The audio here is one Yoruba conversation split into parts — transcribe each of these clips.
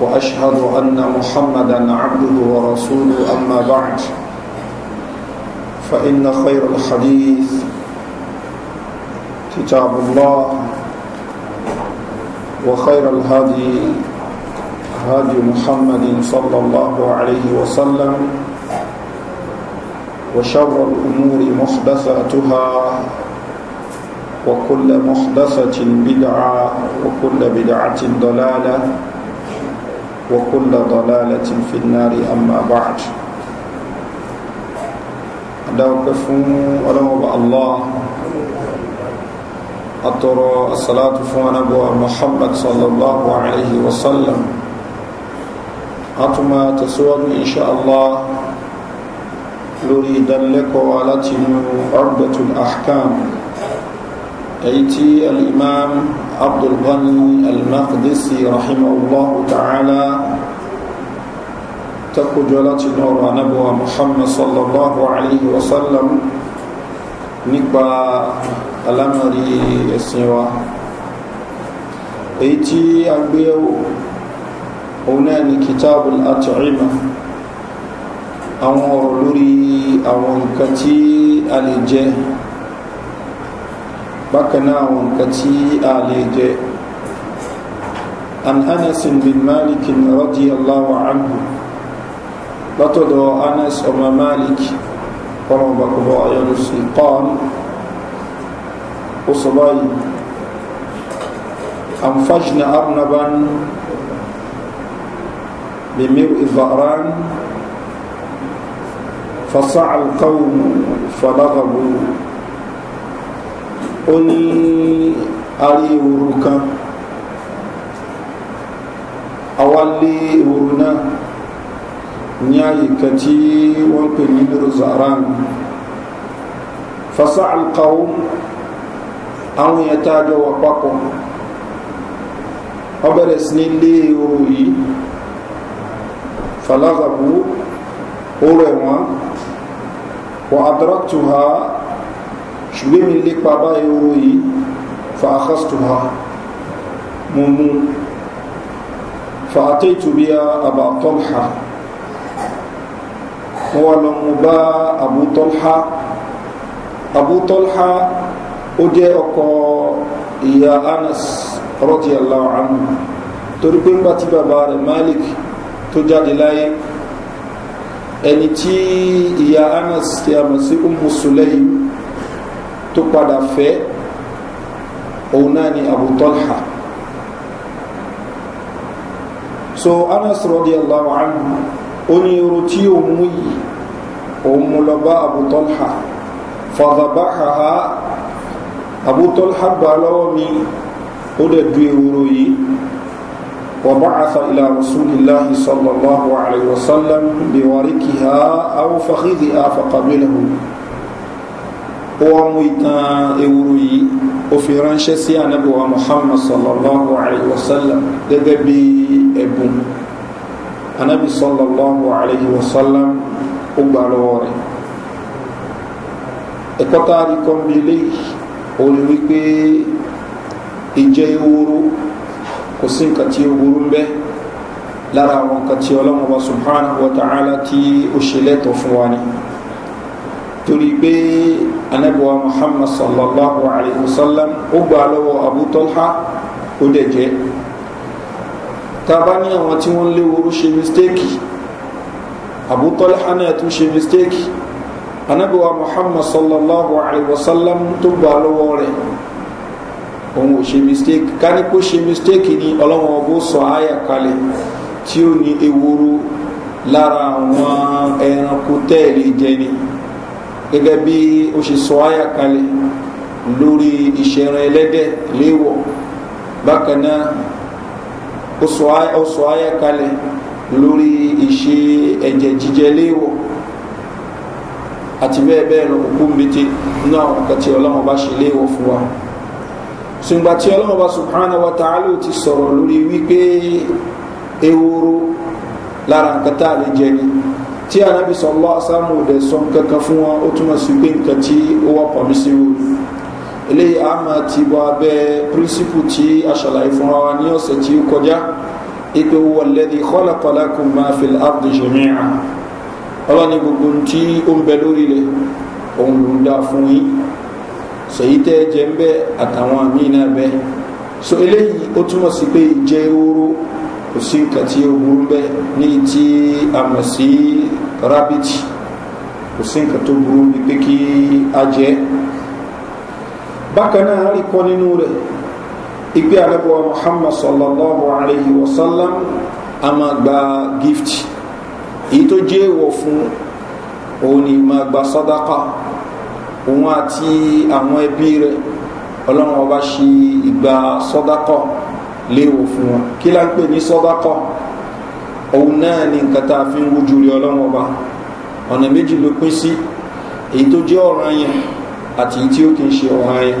وأشهد أن محمدا عبده ورسوله أما بعد فإن خير الحديث كتاب الله وخير الهدي هدي محمد صلى الله عليه وسلم وشر الأمور محدثاتها وكل محدثة بدعة وكل بدعة ضلالة وكل ضلالة في النار أما بعد أدوكفون ولوب الله أطر الصلاة أبو محمد صلى الله عليه وسلم أتما تسود إن شاء الله لريد لك ولتن عرضة الأحكام أيتي الإمام عبد الغني المقدسي رحمه الله تعالى تقجلت نور نبوة محمد صلى الله عليه وسلم نقبى الأمر السوا ايتي أبيو هناني كتاب الأطعمة أمور لوري أمور كتي الجه bákan náà àwọn nǹkan tí a lè jẹ an anas bin malik radiyallahu anhu látọ̀dọ̀ anas ọmọ malik ọmọ bàkúbọ̀ ayọ̀lù sí qan ó sọ báyìí anfajna arnaban bimir izaran فصعى القوم فلغبوا ó ní arí ewúro kan àwa lé ewúro náà ní ààyè kan tí wọ́n pè ní rosaran fasa alkawo àwọn èèyàn tá a jọ wà papọ̀ wọ́n bẹ̀rẹ̀ sí ní lé ewúro yìí falazabu ó rẹ̀ wọ́n wọ́n adọ́rọ̀tù ha ṣùgbọ́n mi lè pa bá ehoro yìí fa akásùtùmá mo mú fa àtẹ́tùbí àbà tọ́lá mo wà lọ mo bá àbú tọ́lá àbú tọ́lá ó jẹ́ ọkọ̀ ìyá anas rọ́tí aláwọ̀ àmú torí pé ńgbà tí bàbá rẹ̀ malik tó jáde láyé ẹni tí ìyá anas ti àmọ̀ sí umu sulaim tó padà fẹ́ òun náà ni abu talha so anas radiyallahu anhu ó ní irun tí òun mú yìí òun mú lọ bá abu talha fàdàbáhàhà abu talha gbà lọ́wọ́ mi ó dẹ̀ du ewúro yìí وبعث إلى رسول الله صلى الله عليه وسلم بوركها أو فخذها فقبله ó wá mú ìtàn ewúro yìí ó fi ránṣẹ́ sí anábọ̀wá muhammad sallallahu alayhi wa sallam gẹ́gẹ́ bí ẹ̀bùn anábì sallallahu alayhi wa sallam ó gbà lọ́wọ́ rẹ̀ ẹ̀kọ́ tá a rí kọ́ bí eléyìí kò sí nǹkan tí ewúro lára àwọn nǹkan tí subhanahu wa ta'ala tí ó ṣe lẹ́tọ̀ fún wa ni torí pé anabiwa muhammad sallallahu alayhi wa sallam ó gbà lọ́wọ́ abu talha ó dẹ̀ jẹ́ tàbá ní àwọn tí wọ́n lé woro ṣe mistake abu talha náà tún ṣe mistake anabiwa muhammad sallallahu alayhi wa sallam tó gbà lọ́wọ́ rẹ̀ òun ò ṣe mistake ká ní kó ṣe mistake ni ọlọ́wọ́n ọbó sọ àyà kalẹ̀ tí ó ní ewúro lára àwọn ẹranko tẹ́ẹ̀lì jẹni gẹ́gẹ́ bí ó ṣe sọ àyà kalẹ̀ lórí ìṣẹ̀rìn ẹlẹ́dẹ̀ léèwọ̀ bákan náà ó sọ àyà kalẹ̀ lórí ìṣe ẹ̀jẹ̀ jíjẹ léèwọ̀ àti bẹ́ẹ̀ bẹ́ẹ̀ lọ kúkú mbete nínú àwọn nǹkan tí ọlọ́run bá ṣe léèwọ̀ fún wa ṣùgbọ́n ọlọ́run bá subhanahu wa ta'ala ti sọ̀rọ̀ lórí wípé ewúro lára nǹkan tá ni tí anabi sọlọ asámu dẹ sọm kankan fún wọn ó túmọ̀ sí pé nǹkan tí ó wà pọ̀ mí sí wò eléyìí a máa ti bọ abẹ́ pírísìpù tí a ṣàlàyé fún wa ní ọ̀sẹ̀ tí ó kọjá ipe wọ lẹ́dí kọ́lákọ́lá kò máa fi àbùdí jẹ̀míà ọlọ́ni gbogbo tí ó ń bẹ lórí rẹ̀ òun ló ń dá fún yín sèyí jẹ́ ń bẹ́ àtàwọn àmì náà bẹ́ so eléyìí ó túmọ̀ sí pé ìjẹ́ oró kò sí nǹkan tí ó burú bẹ́ẹ̀ ní tí a mọ̀ sí rabbit kò sí nǹkan tó burú bí pé a jẹ́ bákan náà rí kọ́ nínú rẹ̀ muhammad sallallahu alayhi wa sallam a máa gba gift èyí tó jẹ́ èèwọ̀ fún òun ni máa gba sadaqa òun àti àwọn ẹbí rẹ̀ ọlọ́run ọba ṣe ìgbà sadaqa léèwọ̀ fún wọn kí la ń pè ní sọ́dákọ́ òun náà ni nǹkan tá a fi ń wojú rí ọlọ́wọ́n ọba ọ̀nà méjì ló pín sí èyí tó jẹ́ ọ̀ràn yẹn àti èyí tí ó kì í ṣe ọ̀ràn yẹn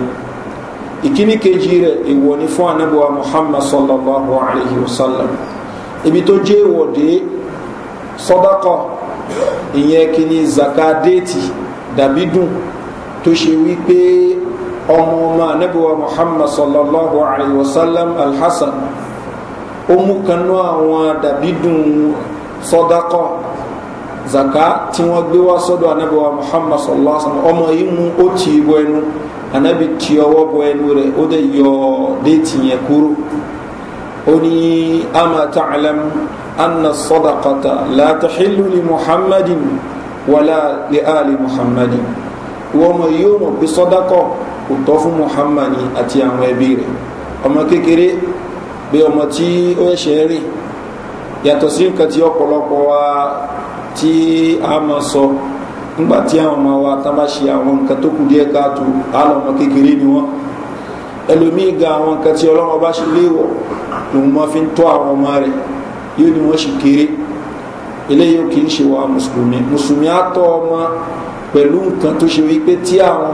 ìkíní kejì rẹ̀ ìwọ̀ ni fún anábọ̀ muhammad sallallahu alayhi wa sallam ibi tó jẹ́ ìwọ̀dé sọ́dákọ́ ìyẹn kìíní zaka déètì dàbí dùn tó ṣe wípé ọmọ ọmọ anabiwa muhammad sallallahu alayhi wa sallam alhassan ó mú kanú àwọn dàbí dùn sọdakọ zaka tí wọ́n gbé wá sọ́dọ̀ anabiwa muhammad sallallahu alayhi wa sallam ọmọ yìí mú ó tì í bọ ẹnu anabi tì ọwọ́ bọ ẹnu rẹ̀ ó dẹ̀ yọ déètì yẹn kúrò ó ní ama taclam anna sọdakata la taxilu muhammadin wala li ali muhammadin wọ́n yóò mọ̀ pé sọdakọ. kò tọ́ fún muhammad àti àwọn ẹbí rẹ̀ ọmọ kékeré bí ọmọ tí ó ṣẹ̀ rìn yàtọ̀ sí nǹkan tí ọ̀pọ̀lọpọ̀ wa tí a ma sọ nígbà tí àwọn ọmọ wa tá bá ṣe àwọn nǹkan tó kù díẹ̀ káàtó àlọ́ ọmọ ni ẹlòmíì ga àwọn nǹkan tí ọlọ́wọ́ bá ṣe léwọ̀ lòun máa fi ń tọ́ àwọn ọmọ rẹ̀ yóò ní wọ́n ṣe kéré eléyìí kì í ṣe wa mùsùlùmí mùsùlùmí á tọ́ ọmọ pẹ̀lú nǹkan tó ṣe wípé tí àwọn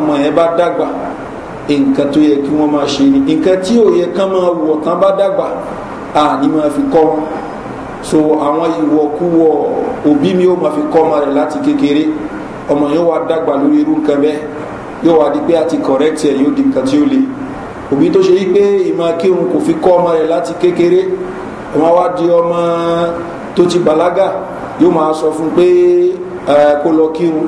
nǹkan tó yẹ kí wọ́n máa ṣe ni nǹkan tí ò yẹ kán máa wọ̀ tán bá dàgbà à ní máa fi kọ́ so àwọn ìwọ̀kuwọ̀ òbí mi ó máa fi kọ́ ọmọ rẹ̀ láti kékeré ọmọ yóò wá dàgbà lórí irú nǹkan bẹ́ẹ̀ yóò wá di pé àti correct ẹ̀ yóò di nǹkan tí ó le òbí tó ṣe yí pé ìmọ̀ kírun kò fi kọ́ ọmọ rẹ̀ láti kékeré ọmọ wa di ọmọ tó ti bàlágà yóò máa sọ fún pé kó lọ kírun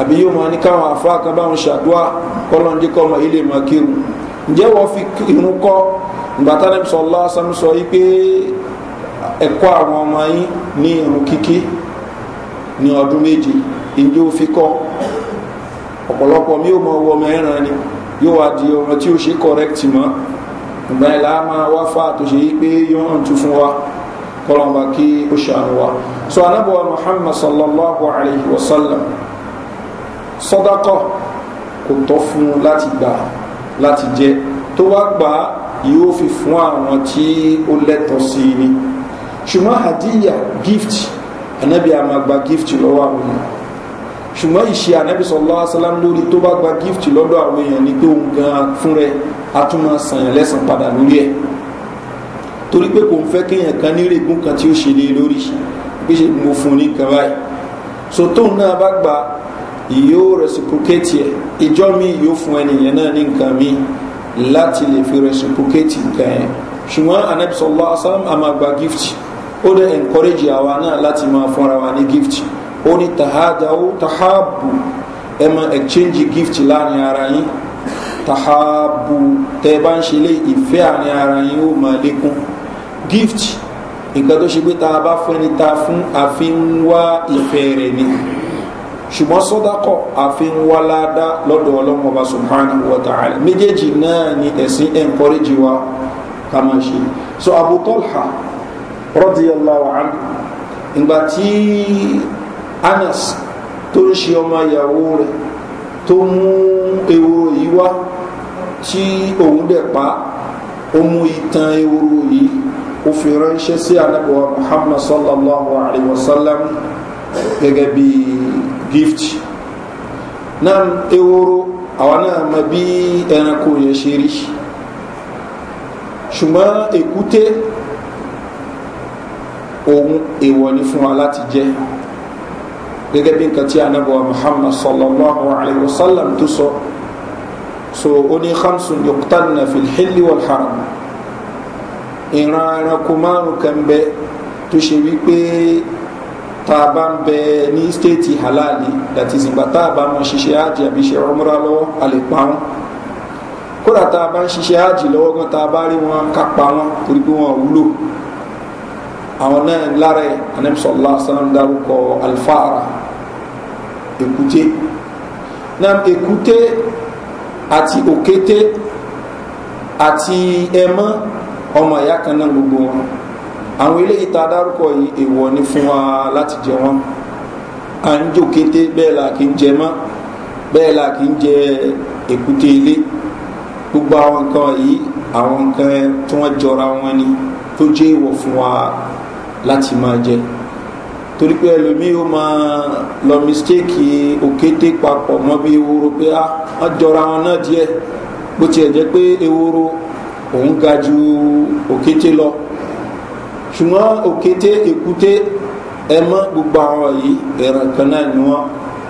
àbí yóò máa ní káwọn àfa kan báwọn ṣàdúrà kọlọ́ndé kọ́ ọmọ ilé máa kírun ǹjẹ́ wọ́n fi irun kọ́ ìgbàtà ní sọlá sọmú sọ yìí pé ẹ̀kọ́ àwọn ọmọ yín ní irun kíkí ní ọdún méje ìjọ fi kọ́ ọ̀pọ̀lọpọ̀ mi ò mọ owó ọmọ ẹran ni yóò wá di ọmọ tí ó ṣe correct mọ́ ìgbà ìlà máa wá fà tó ṣe yìí pé yóò hàn tún fún wa kọ́lọ́mọba kí ó ṣàánú wa so anábọ̀wá muhammad sallallahu alayhi wa sallam sọ́dákọ̀ kò tọ́ fún un láti gbà láti jẹ tó wá gbà yóò fi fún àwọn tí ó lẹ́tọ̀ọ́ sí i ni ṣùgbọ́n hadiya gift anabi a máa gift lọ́wọ́ àwọn èèyàn ṣùgbọ́n ìṣe anabi sọlá asalam lórí tó bá gba gift lọ́dọ̀ àwọn èèyàn ni pé òun gan fún rẹ a tún máa sànyàn lẹ́sàn padà lórí ẹ̀ torí pé kò ń fẹ́ kéèyàn kan nírègùn kan tí ó ṣe lé lórí bí ṣe mo fún un ní kan báyìí so tóun náà bá gba yóò rẹsipúkétì ẹ̀ ìjọ mi yóò fún ẹnìyẹn náà ní nǹkan mi láti lè fi rẹsipúkétì nǹkan ẹ̀ ṣùgbọ́n anabisọ́lá asam amagba gift ó dẹ̀ encourage àwa náà láti máa fúnra wa ní gift ó ní tahadawo tahabu ẹ máa exchange gift láàrin ara yín tahabu tẹ́ ẹ bá ń ṣe lé ìfẹ́ àárín ara yín ó máa lékún gift nǹkan tó ṣe pé tá a bá fún ẹni tá fún àfi ń wá ìfẹ́ rẹ̀ ni ṣùgbọ́n sọ́dákọ̀ àfin wàládá lọ́dọ̀ ọlọ́mọ ọba subhanahu wa ta'ala méjèèjì náà ni ẹ̀sìn encourage wa ká máa ṣe so abu talha radiyallahu anhu ìgbà tí anas tó ń ṣe ọmọ ìyàwó rẹ̀ tó mú ewúro yìí wá tí òun dẹ̀ pa ó mú itan ewúro yìí ó fi ránṣẹ́ sí anabiwa muhammad sallallahu alayhi wa sallam gẹ́gẹ́ bíi gift náà ewúro àwọn náà mọ bí ẹranko yẹn ṣe rí ṣùgbọ́n èkúté òun èèwọ̀ ni fún wa láti jẹ gẹ́gẹ́ bí nǹkan tí anábọ̀ muhammad sallallahu alayhi wa sallam tó sọ so ó ní khamsun yuqtanna fil hilli wal haram ìran ẹranko márùn kan bẹ tó ṣe wípé tá a bá ń bẹ ní stéètì halali láti ìsìngbà tá a bá mọ ṣiṣẹ́ ájì àbí ṣe ọmọra lọ́wọ́ a lè pa wọn kódà tá a bá ń ṣiṣẹ́ ájì lọ́wọ́ gan tá a bá rí wọn ká pa wọn torí pé wọn wúlò àwọn náà lára ẹ̀ anamisọ̀lá sàn dárúkọ alfaara èkúté náà èkúté àti òkété àti ẹmọ́ ọmọ ìyá kan náà gbogbo wọn àwọn eléyìí ta dárúkọ yìí èèwọ̀ ni fún wa láti jẹ wọn à ń jò kété bẹ́ẹ̀ la kì í jẹ mọ́ bẹ́ẹ̀ la kì í jẹ èkúté ilé gbogbo àwọn nǹkan yìí àwọn nǹkan tí wọ́n jọra wọn ni tó jẹ́ èèwọ̀ fún wa láti máa jẹ torí pé ẹlòmíì ó máa lọ mistake òkété papọ̀ mọ́ bí ewúro pé á ah, wọ́n jọra wọn náà díẹ̀ bó tiẹ̀ jẹ́ pé ewúro òun ga ju òkété lọ ṣùgbọ́n òkété èkúté ẹmọ gbogbo àwọn yìí ẹran kan náà ni wọn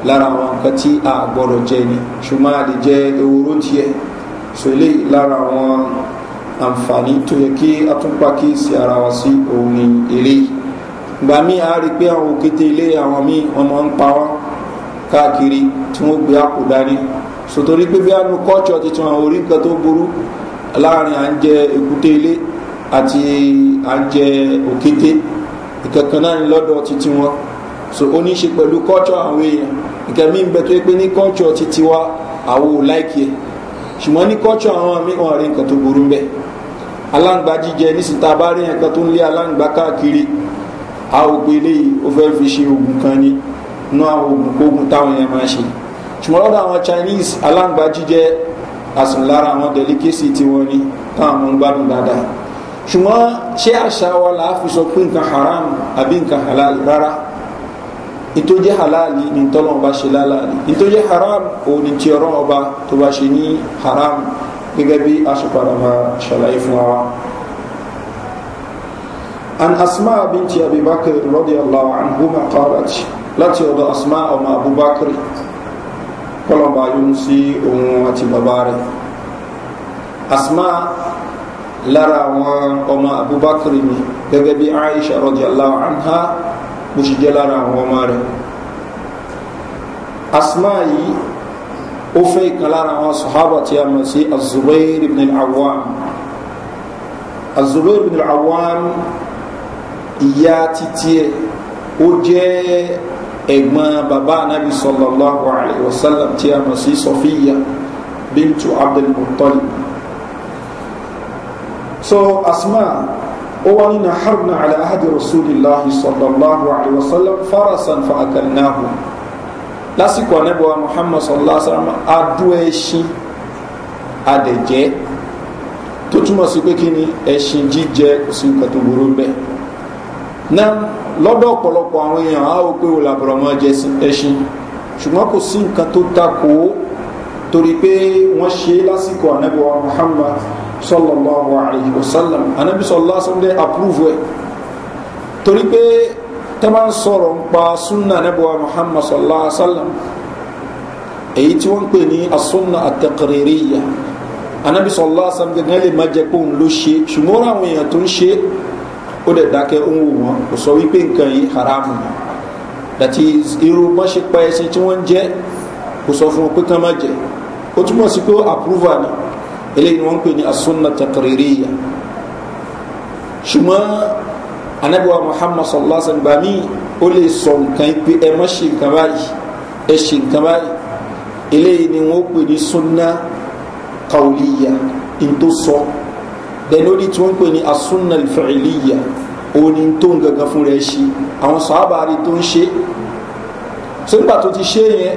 lára àwọn nǹkan tí a gbọdọ̀ jẹ ni ṣùgbọ́n a lè jẹ ewúro tiẹ̀ so eléyìí lára àwọn àǹfààní tó yẹ kí a tún pàkíyèsí ara wa sí òun ni eléyìí gbà mí a rí i pé àwọn òkété ilé àwọn míì wọn máa ń pa wọn káàkiri tí wọn gbé àpò dání sotori pé bí a nu kọ́ọ̀tsọ̀ tuntun àwọn orí nǹkan tó burú láàrin à ń jẹ èkúté ilé àti àjẹ òkété ìkankan náà lọ́dọ̀ títí wọn so ó ní ṣe pẹ̀lú culture àwọn èèyàn nǹkan mí bẹ tó yẹ pé ní culture títí wa àwọn ò láìkí ẹ ṣùgbọ́n ní culture àwọn mi wọn rí nǹkan tó burú ń bẹ aláǹgbá jíjẹ nísìta bá rí nǹkan tó ń lé aláǹgbá káàkiri a ò pé ó fẹ́ fi ṣe oògùn kan ni inú àwọn oògùn kóògùn táwọn èèyàn máa ṣe ṣùgbọ́n lọ́dọ̀ àwọn chinese aláǹgbá jíjẹ àsùnlára àwọn delicacy tiwọn ni táwọn mọ̀ ń gbádùn dáadáa ṣùgbọ́n ṣé àṣà wa là á fi sọ pé nǹkan haram àbí nǹkan halal rárá ìtòjẹ́ halal ni tọ́lọ́ ọba ṣe lálàálì ìtòjẹ́ haram òun ni ti ọ̀rọ̀ ọba tó bá ṣe ní haram gẹ́gẹ́ bí aṣọ́padà máa ṣàlàyé fún wa. an asma binti abubakar radiyallahu anhuma qalat láti ọ̀dọ̀ asma ọmọ abubakar kọlọmba yóò sí òun àti bàbá rẹ̀ asma lára àwọn ọmọ abubakar ni gẹ́gẹ́ bí aisha rọ̀jàláwà anha bó ṣe jẹ́ lára àwọn ọmọ rẹ̀ asma yìí ó fẹ́ ìkan lára àwọn sahaba tí a mọ̀ sí azubair ibn al-awwam azubair ibn al-awwam ìyá títí ẹ̀ ó jẹ́ ẹ̀gbọ́n bàbá anabi sallallahu alayhi wa sallam tí a mọ̀ sí sofiya bintu abdul muttalib so asma ó wá ní naharna ala ahadi rasulillahi sallallahu alaihi wasallam farasan fa akalnahu lásìkò anábọ̀ muhammad sallallahu alaihi wasallam adú ẹṣin adẹ̀jẹ́ tó túmọ̀ sí pé kí ni ẹṣin jíjẹ kò sí nǹkan tó burú bẹ́ẹ̀ náà lọ́dọ̀ ọ̀pọ̀lọpọ̀ àwọn èèyàn á ó pé òlàbọ̀rọ̀ jẹ ẹṣin ṣùgbọ́n kò sí nǹkan tó takò torí pé wọ́n ṣe lásìkò anábọ̀ muhammad sallallahu alayhi wa sallam anabi sallallahu alayhi wa sallam dẹ approve ẹ torí pé tẹ́bà ń sọ̀rọ̀ ń pa sunna anabi wa muhammad sallallahu alayhi wa sallam èyí tí wọ́n ń pè ní asunna at-taqririyya anabi sallallahu alayhi wa sallam gẹ́gẹ́ lè má jẹ́ pé òun ló ṣe ṣùgbọ́n àwọn èèyàn tó ń ṣe ó dẹ̀ dákẹ́ òun wò wọ́n kò sọ wípé nǹkan yìí haramu ni that is irú wọ́n ṣe pa ẹṣin tí wọ́n ń jẹ́ kò sọ fún wọn pé kán má jẹ́ ó túmọ̀ sí pé approval ni eléyìí ni wọ́n ń pè ní asunna takririya ṣùgbọ́n anabiwa muhammad sallallahu alaihi wa sallam bami ó lè sọ nǹkan pé ẹ má ṣe nǹkan báyìí ẹ ṣe nǹkan báyìí eléyìí ni wọ́n pè ní sunna kauliya ntó sọ dẹni ó di tí wọ́n pè ní asunna alfa'iliya òun ni tó ń gangan fún rẹ̀ ṣe àwọn sàábà rí tó ń so nígbà tó ti ṣe yẹn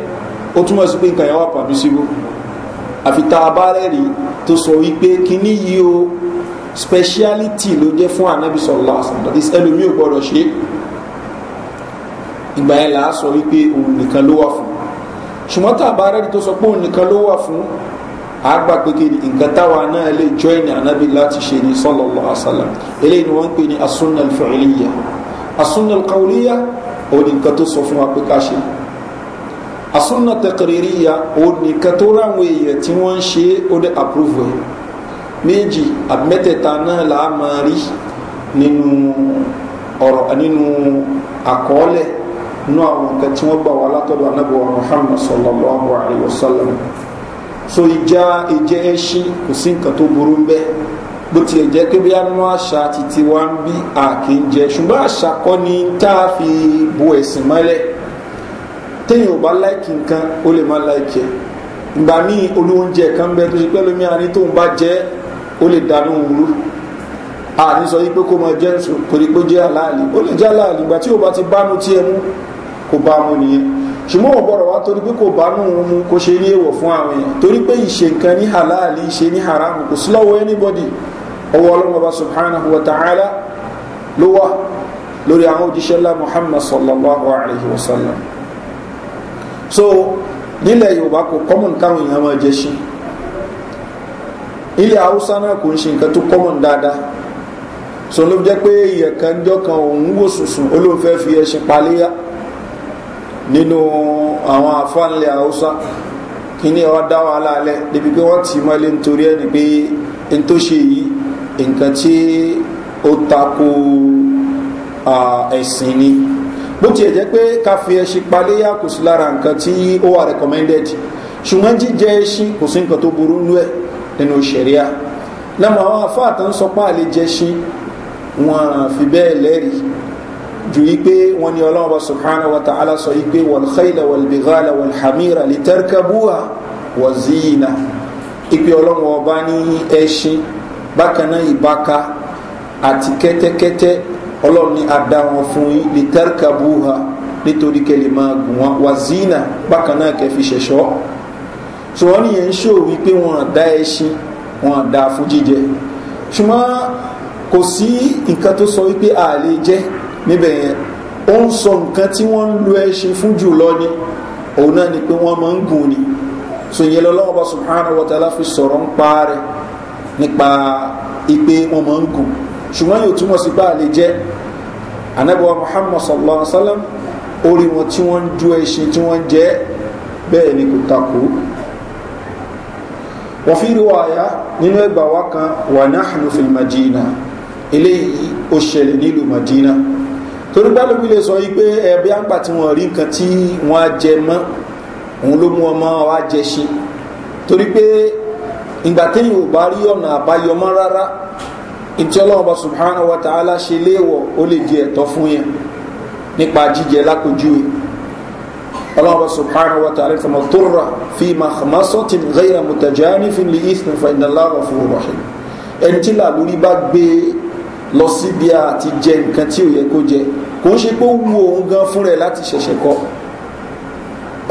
ó túmọ̀ sí pé nǹkan yẹn wà pàmí síbò àfi tá a bá rẹ̀ rí tó sọ wípé kíní yìí o speciality ló jẹ́ fún anabi sọ̀rọ̀ àṣàmù that is ẹlòmíì ò gbọ́dọ̀ ṣe ìgbà yẹn là á sọ wípé òun nìkan ló wà fún ṣùgbọ́n tá a bá rẹ́ni tó sọ pé òun nìkan ló wà fún a gbà pé nǹkan táwa náà lè join anabi láti ṣe ní sọlọ́lọ́ àṣàlà eléyìí ni wọ́n ń pè ní asúnnà ìfẹ̀ẹ́lìyà asúnnà ìkàwélìyà òun nìkan tó sọ fún wa pé ká ṣe asúnà tẹkẹrẹríya onìkan tó ráwọn èèyàn tí wọ́n ń ṣe ó dé àpúrúfù ẹ̀ méjì àbí mẹ́tẹ̀ẹ̀ta náà là á máa rí nínú ọ̀rọ̀ nínú àkọọ́lẹ̀ nínú àwọn nǹkan tí wọ́n gbà wá látọ̀dọ̀ anábọ̀wá muhammad sallallahu alayhi wa sallam so ìjà ìjẹ ẹṣin kò sí nǹkan tó burú ń bẹ́ẹ̀ bó tiẹ̀ jẹ́ pé bí anú àṣà titi wa ń bí àkè ń jẹ ṣùgbọ́n àṣà kọ́ ni tá fi bo ẹ̀sìn mọ́lẹ̀ téèyàn ò bá láìkì nǹkan ó lè má láìkì ẹ̀ ìgbà míì olóúnjẹ kan bẹ tó ṣe pẹ́ lómi àní tóun bá jẹ́ ó lè dànù wúrú àní sọ yí pé kó mọ jẹ́ nsọ torí pé jẹ́ aláàlì ó lè jẹ́ aláàlì ìgbà tí bá ti bánu tí ẹ mú kò bá mu nìyẹn ṣùgbọ́n ò gbọ́dọ̀ wá torí pé kò bánu mu kò ṣe ní èèwọ̀ fún àwọn èèyàn torí pé ìṣe nǹkan ní aláàlì ìṣe ní kò sí lọ́wọ́ anybody ọwọ́ ọlọ́mọba subhanahu wa ta'ala ló so nílẹ̀ yorùbá kò common káwọn èèyàn máa jẹ ṣin ilẹ̀ haúsá náà kò ń ṣe nǹkan tó common dáadáa so ló jẹ́ pé ìyẹ̀kànjọ́ kan òun wò sùsùn olóòfẹ́ fi ẹṣin paléyà nínú àwọn àfáànlẹ̀ haúsá kí ní ọwọ́ dá wàhálà alẹ́ débi pé wọ́n ti mọ́lé nítorí ẹni pé n tó ṣe yìí nǹkan tí ó tako ẹ̀sìn ni bó tiẹ̀ jẹ́ pé ká fi ẹṣin paléyà kò sí lára nǹkan tí ó wà recommended ṣùgbọ́n jíjẹ ẹṣin kò sí nǹkan tó burú nú ẹ̀ nínú ṣẹ̀ríà lẹ́mọ̀ àwọn afáàtà ń sọ àlè jẹṣin wọn fi bẹ́ẹ̀ lẹ́rìí ju wípé wọn ni ọlọ́run subhana wa ta'ala sọ wípé wàlxayla wàlbìgàlà wàlhàmìrà lìtẹ́rkàbúwà wàzíìnà ìpè ọlọ́run ọba ní ẹṣin bákan náà ìbáka àti kẹ́tẹ́kẹ́tẹ́ ọlọ́run ní adá wọn fún yín lè tarkabuha nítorí kẹlẹ̀ máa gùn wọn wà zina bákan náà kẹ fi ṣẹ̀ṣọ́ so wọ́n nìyẹn ń ṣòro wípé wọn àdá ẹṣin wọn àdá fún jíjẹ ṣùgbọ́n kò sí nǹkan tó sọ wípé a lè jẹ níbẹ̀ yẹn ó ń sọ nǹkan tí wọ́n ń lo ẹṣin fún jù lọ ni òun náà ni pé wọ́n máa ń gùn ni so ìyẹn lọ́wọ́ bá subhanahu wa ta'ala fi sọ̀rọ̀ ń pa rẹ̀ nípa ipe wọ́n máa ń gùn ṣùgbọ́n yóò túmọ̀ sí pé a lè jẹ́ anabiwa muhammad sallallahu alaihi wa sallam orí wọn tí wọ́n ń ju ẹṣin tí wọ́n ń jẹ́ bẹ́ẹ̀ ni kò takò wọ́n fi rí wàyà nínú ẹgbà wa kan wà náà lófin madina eléyìí ó ṣẹlẹ̀ nílùú madina torí bá lè sọ yìí ẹbí àgbà tí wọ́n rí nǹkan tí wọ́n á jẹ mọ́ òun ló mú ọmọ wa jẹ ṣe torí pé ìgbà téèyàn ò bá rí ọ̀nà àbáyọmọ́ rárá ntí ọlọ́run ọba subhanahu wa ta'ala ṣe léèwọ̀ ó lè di ẹ̀tọ́ fún yẹn nípa jíjẹ lápòjúwe ọlọ́run ọba subhanahu wa ta'ala fama tóra fi mahamasotin ghayra mutajanifin li isna fa inala ghafuru rahim ẹni tí làlórí bá gbé lọ síbi àti jẹ nǹkan tí ò yẹ kó jẹ kò ń ṣe pé ó wu òun gan fúnra ẹ láti ṣẹ̀ṣẹ̀ kọ́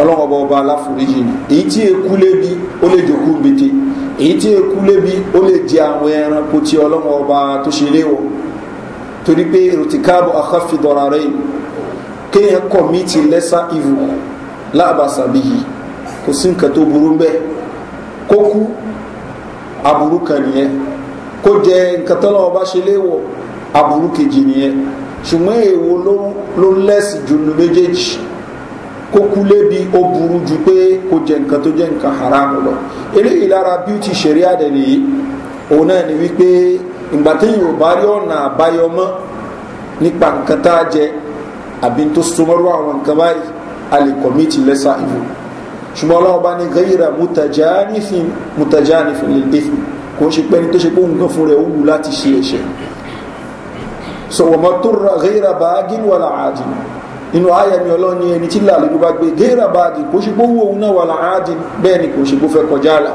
ọlọ́wọ́n bọ́ ọba aláforíjì ni èyí tí eku lébi ó lè dòkú mbete èyí tí eku lébi ó lè jẹ àwọn ẹranko tí ọlọ́wọ́n ọba tó ṣe léwọ̀ torí pé rotikaabo akọ́fìdọ̀ra rẹ̀ kéèyàn kọ̀ mí ti lẹ́sà ìvù láàbàṣàbí yìí kò sí nǹkan tó burú bẹ́ẹ̀ kó kú aburú kan nìyẹn kó jẹ nǹkan tọ́lọ́ ọba ṣe léwọ̀ aburú kejì nìyẹn ṣùgbọ́n èèwo ló lẹ́sìn jù méjèèjì kó kú lébi ó burú ju pé kó jẹ nǹkan tó jẹ nǹkan haram lọ eléyìí lára bíútì ṣẹ̀rí àdẹ̀ nìyí òun náà ni wípé ìgbà téèyàn ò bá rí ọ̀nà àbáyọ mọ́ nípa nǹkan tá a jẹ àbí tó súnmọ́rú àwọn nǹkan báyìí a lè kọ̀mítì lẹ́sà ìlú ṣùgbọ́n ọlọ́run bá ní gẹ́yìrà mutajanifin mutajanifin lè dé fún kò ń ṣe pẹ́ni tó ṣe pé òun gan fún rẹ̀ ó wù láti ṣe ẹ̀ṣẹ̀ sọ̀wọ́mọ́ tó gẹ́yìrà bá gínwàlà àdìmọ̀ inú ayẹmi ọlọ́ni ẹni tí làlejò bá gbé géèrà báàgì kò ṣe gbówó òun náà wà láàádì bẹ́ẹ̀ ni kò ṣe gbó fẹ́ kọjá àlà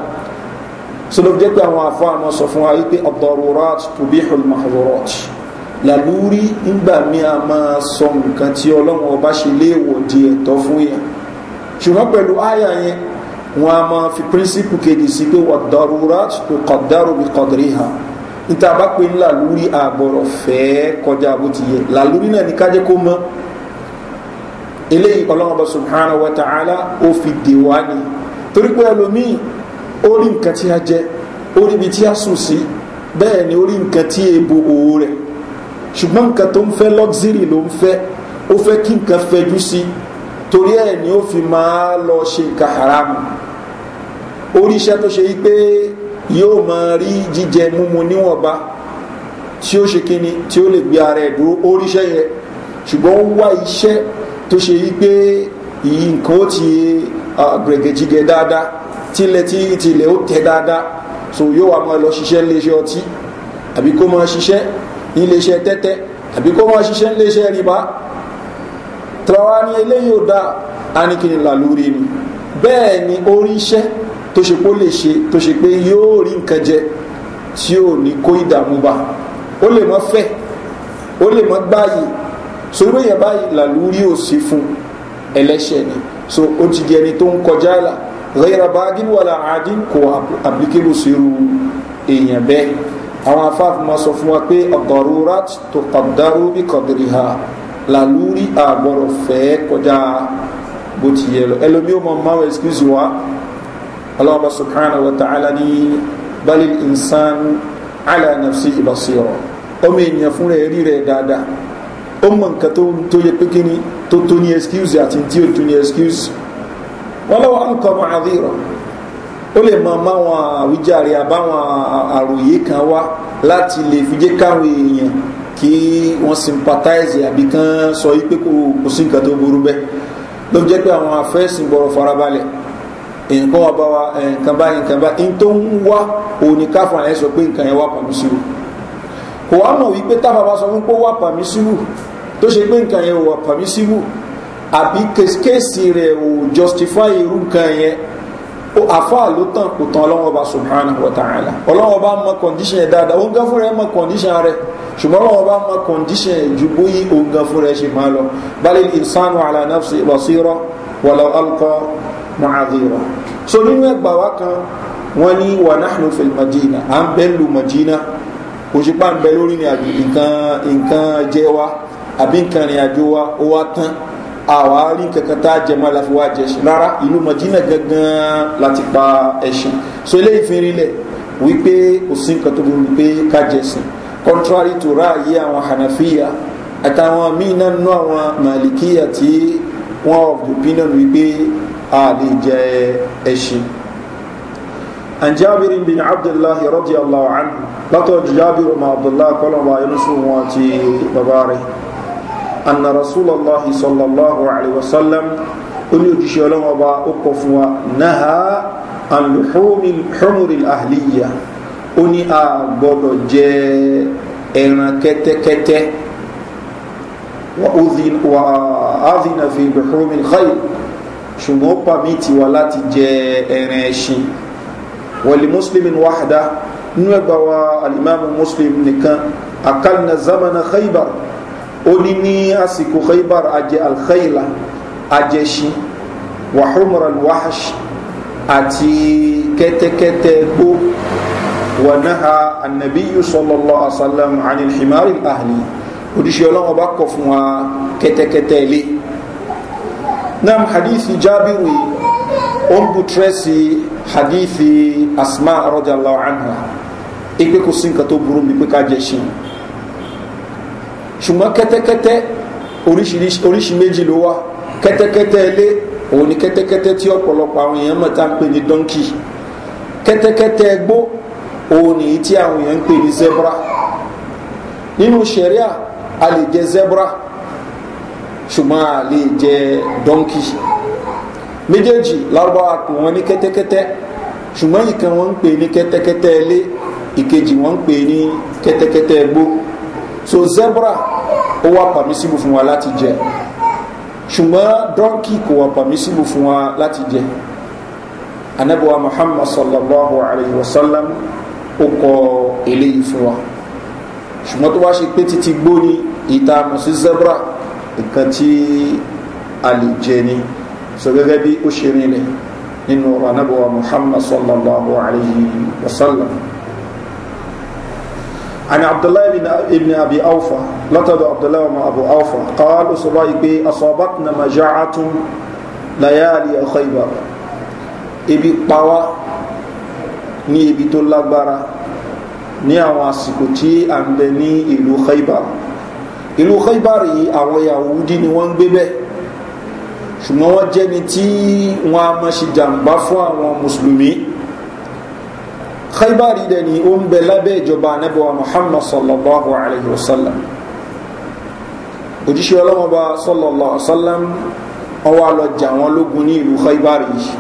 sọlọ jẹ́ pé àwọn afọ àmọ́ sọ fún wa wípé abdulrurat tubi hulmahurat làlúrí ńgbà mi a máa sọ nǹkan tí ọlọ́run ọba ṣe léèwọ̀ di ẹ̀tọ́ fún yẹn ṣùgbọ́n pẹ̀lú àyà yẹn wọn a máa fi píríncípù kejì sí pé wà dọ̀rùrat tó eléyìí ọlọ́mọba subhanahu wa ta'ala ó fi dè wá ni torí pé ẹlòmíì ó rí nǹkan tí a jẹ ó rí ibi tí a sùn sí bẹ́ẹ̀ ni ó rí nǹkan tí èèbò òwò rẹ̀ ṣùgbọ́n nǹkan tó ń fẹ́ luxury ló ń fẹ́ ó fẹ́ kí nǹkan fẹjú sí torí ẹ̀ ni ó fi máa lọ ṣe nǹkan haramu oríṣẹ́ tó ṣe yí pé yóò máa rí jíjẹ múmu níwọ̀nba tí ó ṣe kíni tí ó lè gbé ara ẹ̀ dúró oríṣẹ́ yẹn ṣùgbọ́n ó wá iṣẹ́ tó ṣe yí pé ìyí nǹkan ó ti gbẹ̀gẹ̀jìgẹ̀ dáadáa tilẹ̀ tí tilẹ̀ ó tẹ̀ dáadáa so yóò wá máa lọ ṣiṣẹ́ níléeṣẹ́ ọtí àbí kó máa ṣiṣẹ́ níléeṣẹ́ tẹ́tẹ́ àbí kó máa ṣiṣẹ́ níléeṣẹ́ rìbá tọ́wá ní eléyìí ò dáa á ni là lórí ni bẹ́ẹ̀ ni orí iṣẹ́ tó ṣe pé ó lè ṣe tó ṣe pé yóò rí nǹkan jẹ tí ò ní kó ìdààmú bá ó lè mọ́ fẹ́ ó lè mọ́ gbáyìí sórí èèyàn báyìí làlúrí ò sí fún ẹlẹ́ṣẹ̀ ni so ó ti di ẹni tó ń kọjá àlà rẹ́yìnrà báàgì wàlà àádín kò àbíkélò sírú èèyàn bẹ́ẹ̀ àwọn afáàfù máa sọ fún wa pé ọ̀gọ̀rúra tó kọ̀dárú bí kọ̀dìrì ha làlúrí àgbọ̀rọ̀ fẹ́ kọjá bó ti yẹ lọ ẹlòmí ó mọ máwọn ẹsikúsì wa aláwọ̀ subhanahu wa ta'ala ní balil insan ala nafsi ibasiro ọmọ ènìyàn fúnra ẹ̀ rí rẹ̀ dáadáa ó mọ̀ nǹkan tó yẹ pé kíni tó tó ní excuse àti tí ò tó ní excuse wọ́n lọ́wọ́ nǹkan mọ̀ àdìrọ̀ ó lè mọ máwọn àwíjàre àbáwọn àròyé kan wá láti lè fi jẹ́ káwọn èèyàn kí wọ́n sympathize àbí kan sọ yí pé kò sí nǹkan tó burú bẹ́ẹ̀ ló jẹ́ pé àwọn afẹ́sìn gbọ́rọ̀ farabalẹ̀ nǹkan wà bá wa nǹkan báyìí nǹkan báyìí tó ń wá òní káfà yẹn pé nǹkan yẹn wà pàmísírù kò wá mọ̀ wípé táfà bá sọ fún pé wà pàmísírù tó ṣe pé nǹkan yẹn wà pàmísíwù àbí kéèsì rẹ̀ ò justify irú nǹkan yẹn ó àfáà ló tàn kò tán ọlọ́wọ́ bá subhanahu wa ta'ala ọlọ́wọ́ bá mọ condition yẹn dáadáa ó ń gán fúnra ẹ mọ condition rẹ ṣùgbọ́n ọlọ́wọ́ bá mọ condition yẹn ju bóyí ó ń gán fúnra ẹ ṣe máa lọ balẹ̀ ìsánú ala nafsi basira wàlọ́ alkọ mọ́àdìrọ̀ so nínú ẹgbà wá kan wọ́n ní wà náà fẹ̀ madina à ń bẹ́ lu madina òṣìpá ń bẹ lórí ni àbí nǹkan jẹ́ wa àbí kani rìn àjò wa ó wá tán àwa rí kankan tá a jẹ mọ́ láfi wá jẹ ẹṣin rárá ìlú mọ̀jínà gangan láti pa ẹṣin so eléyìí fi rinlẹ̀ wípé kò sí nǹkan tó burú pé ká jẹ ẹṣin contrary to ráàyè àwọn hànàfíà àtàwọn míì náà nú àwọn màlìkíyà tí wọ́n of the opinion wípé a lè jẹ ẹṣin. عن جابر بن عبد الله رضي الله عنه لطو جابر ما عبد الله قال ما anna rasulallah sallallahu alayhi wa sallam ó ní òjíṣẹ́ ọlọ́wọ́ ọba ó kọ̀ fún wa náà àlùhùmùrì àhìlíyà ó ní a gbọ́dọ̀ jẹ ẹran kẹ́tẹ́kẹ́tẹ́ wà áàzìnà fi bẹ̀rùmí xayì ṣùgbọ́n ó pàmì tiwa láti jẹ ẹran ẹṣin wàlí mùsùlùmí wàhádá nínú ẹgbàá wa alimami mùsùlùmí nìkan akalina zamana khaybar ó ní ní àsìkò khaybar ajẹ alkhayla ajẹṣin wàhùmùrà wàhásì àti kẹ́tẹ́kẹ́tẹ́ gbó wọnáha anabiyu sọlọlọ asalam anil himari ahli odisi ọlọ́wọ́ bá kọ̀ fún wa kẹ́tẹ́kẹ́tẹ́ ilé nam hadithi jabiru ó ń butrẹ́sì hadithi asma rọ́jà lọ́wọ́ anha ipe kò sí nǹkan tó burú bí pé ká jẹ́ ṣe ṣùgbọ́n kẹ́tẹ́kẹ́tẹ́ oríṣi méjì ló wà kẹ́tẹ́kẹ́tẹ́ ilé òun ni kẹ́tẹ́kẹ́tẹ́ tí ọ̀pọ̀lọpọ̀ àwọn èèyàn mọ̀ tá ń pè ní dọ́ńkì kẹ́tẹ́kẹ́tẹ́ ẹgbó òun ni tí àwọn èèyàn ń pè ní zebra nínú sẹ̀ríà a lè jẹ zebra ṣùgbọ́n a lè jẹ dọ́ńkì méjèèjì lárúbáwá pè wọ́n ní kẹ́tẹ́kẹ́tẹ́ ṣùgbọ́n ìkan wọ́n ń pè ní kẹ́tẹ́kẹ́tẹ́ ilé ìkejì wọ́n ń pè ní kẹ́tẹ́kẹ́tẹ́ ẹgbó so zebra ó wà pàmísìbù fún wa láti jẹ ṣùgbọ́n dọ́ńkì kò wà pàmísìbù fún wa láti jẹ anabuwa muhammad sallallahu alayhi wa sallam ó kọ eléyìí fún wa ṣùgbọ́n tó wá ṣe pé títí gbóni ìta mọ̀ zebra nǹkan tí a lè jẹ ni so gẹ́gẹ́ bí ó ṣe rinlẹ̀ nínú anabuwa muhammad sallallahu alayhi wa sallam. عن عبد الله بن ابن ابي اوفى لقد عبد الله بن ابو اوفى قال اصبعي اصابتنا مجاعه ليالي خيبر ibi pawa ní ibi tó lágbára ní àwọn àsìkò tí à ń bẹ ní ìlú khaibar ìlú khaibar yìí àwọn yahudi ni wọ́n ń gbé bẹ́ ṣùgbọ́n wọ́n jẹ́ni tí wọ́n a mọ̀ ṣe jàǹbá fún àwọn mùsùlùmí khaibari dẹ̀ ni ó ń bẹ lábẹ́ ìjọba anábọ̀wá muhammad sallallahu alayhi wa sallam òjíṣẹ́ ọlọ́mọba sallallahu alayhi wa sallam ọwọ́ lọ jà wọn lógun ní ìlú khaibari yìí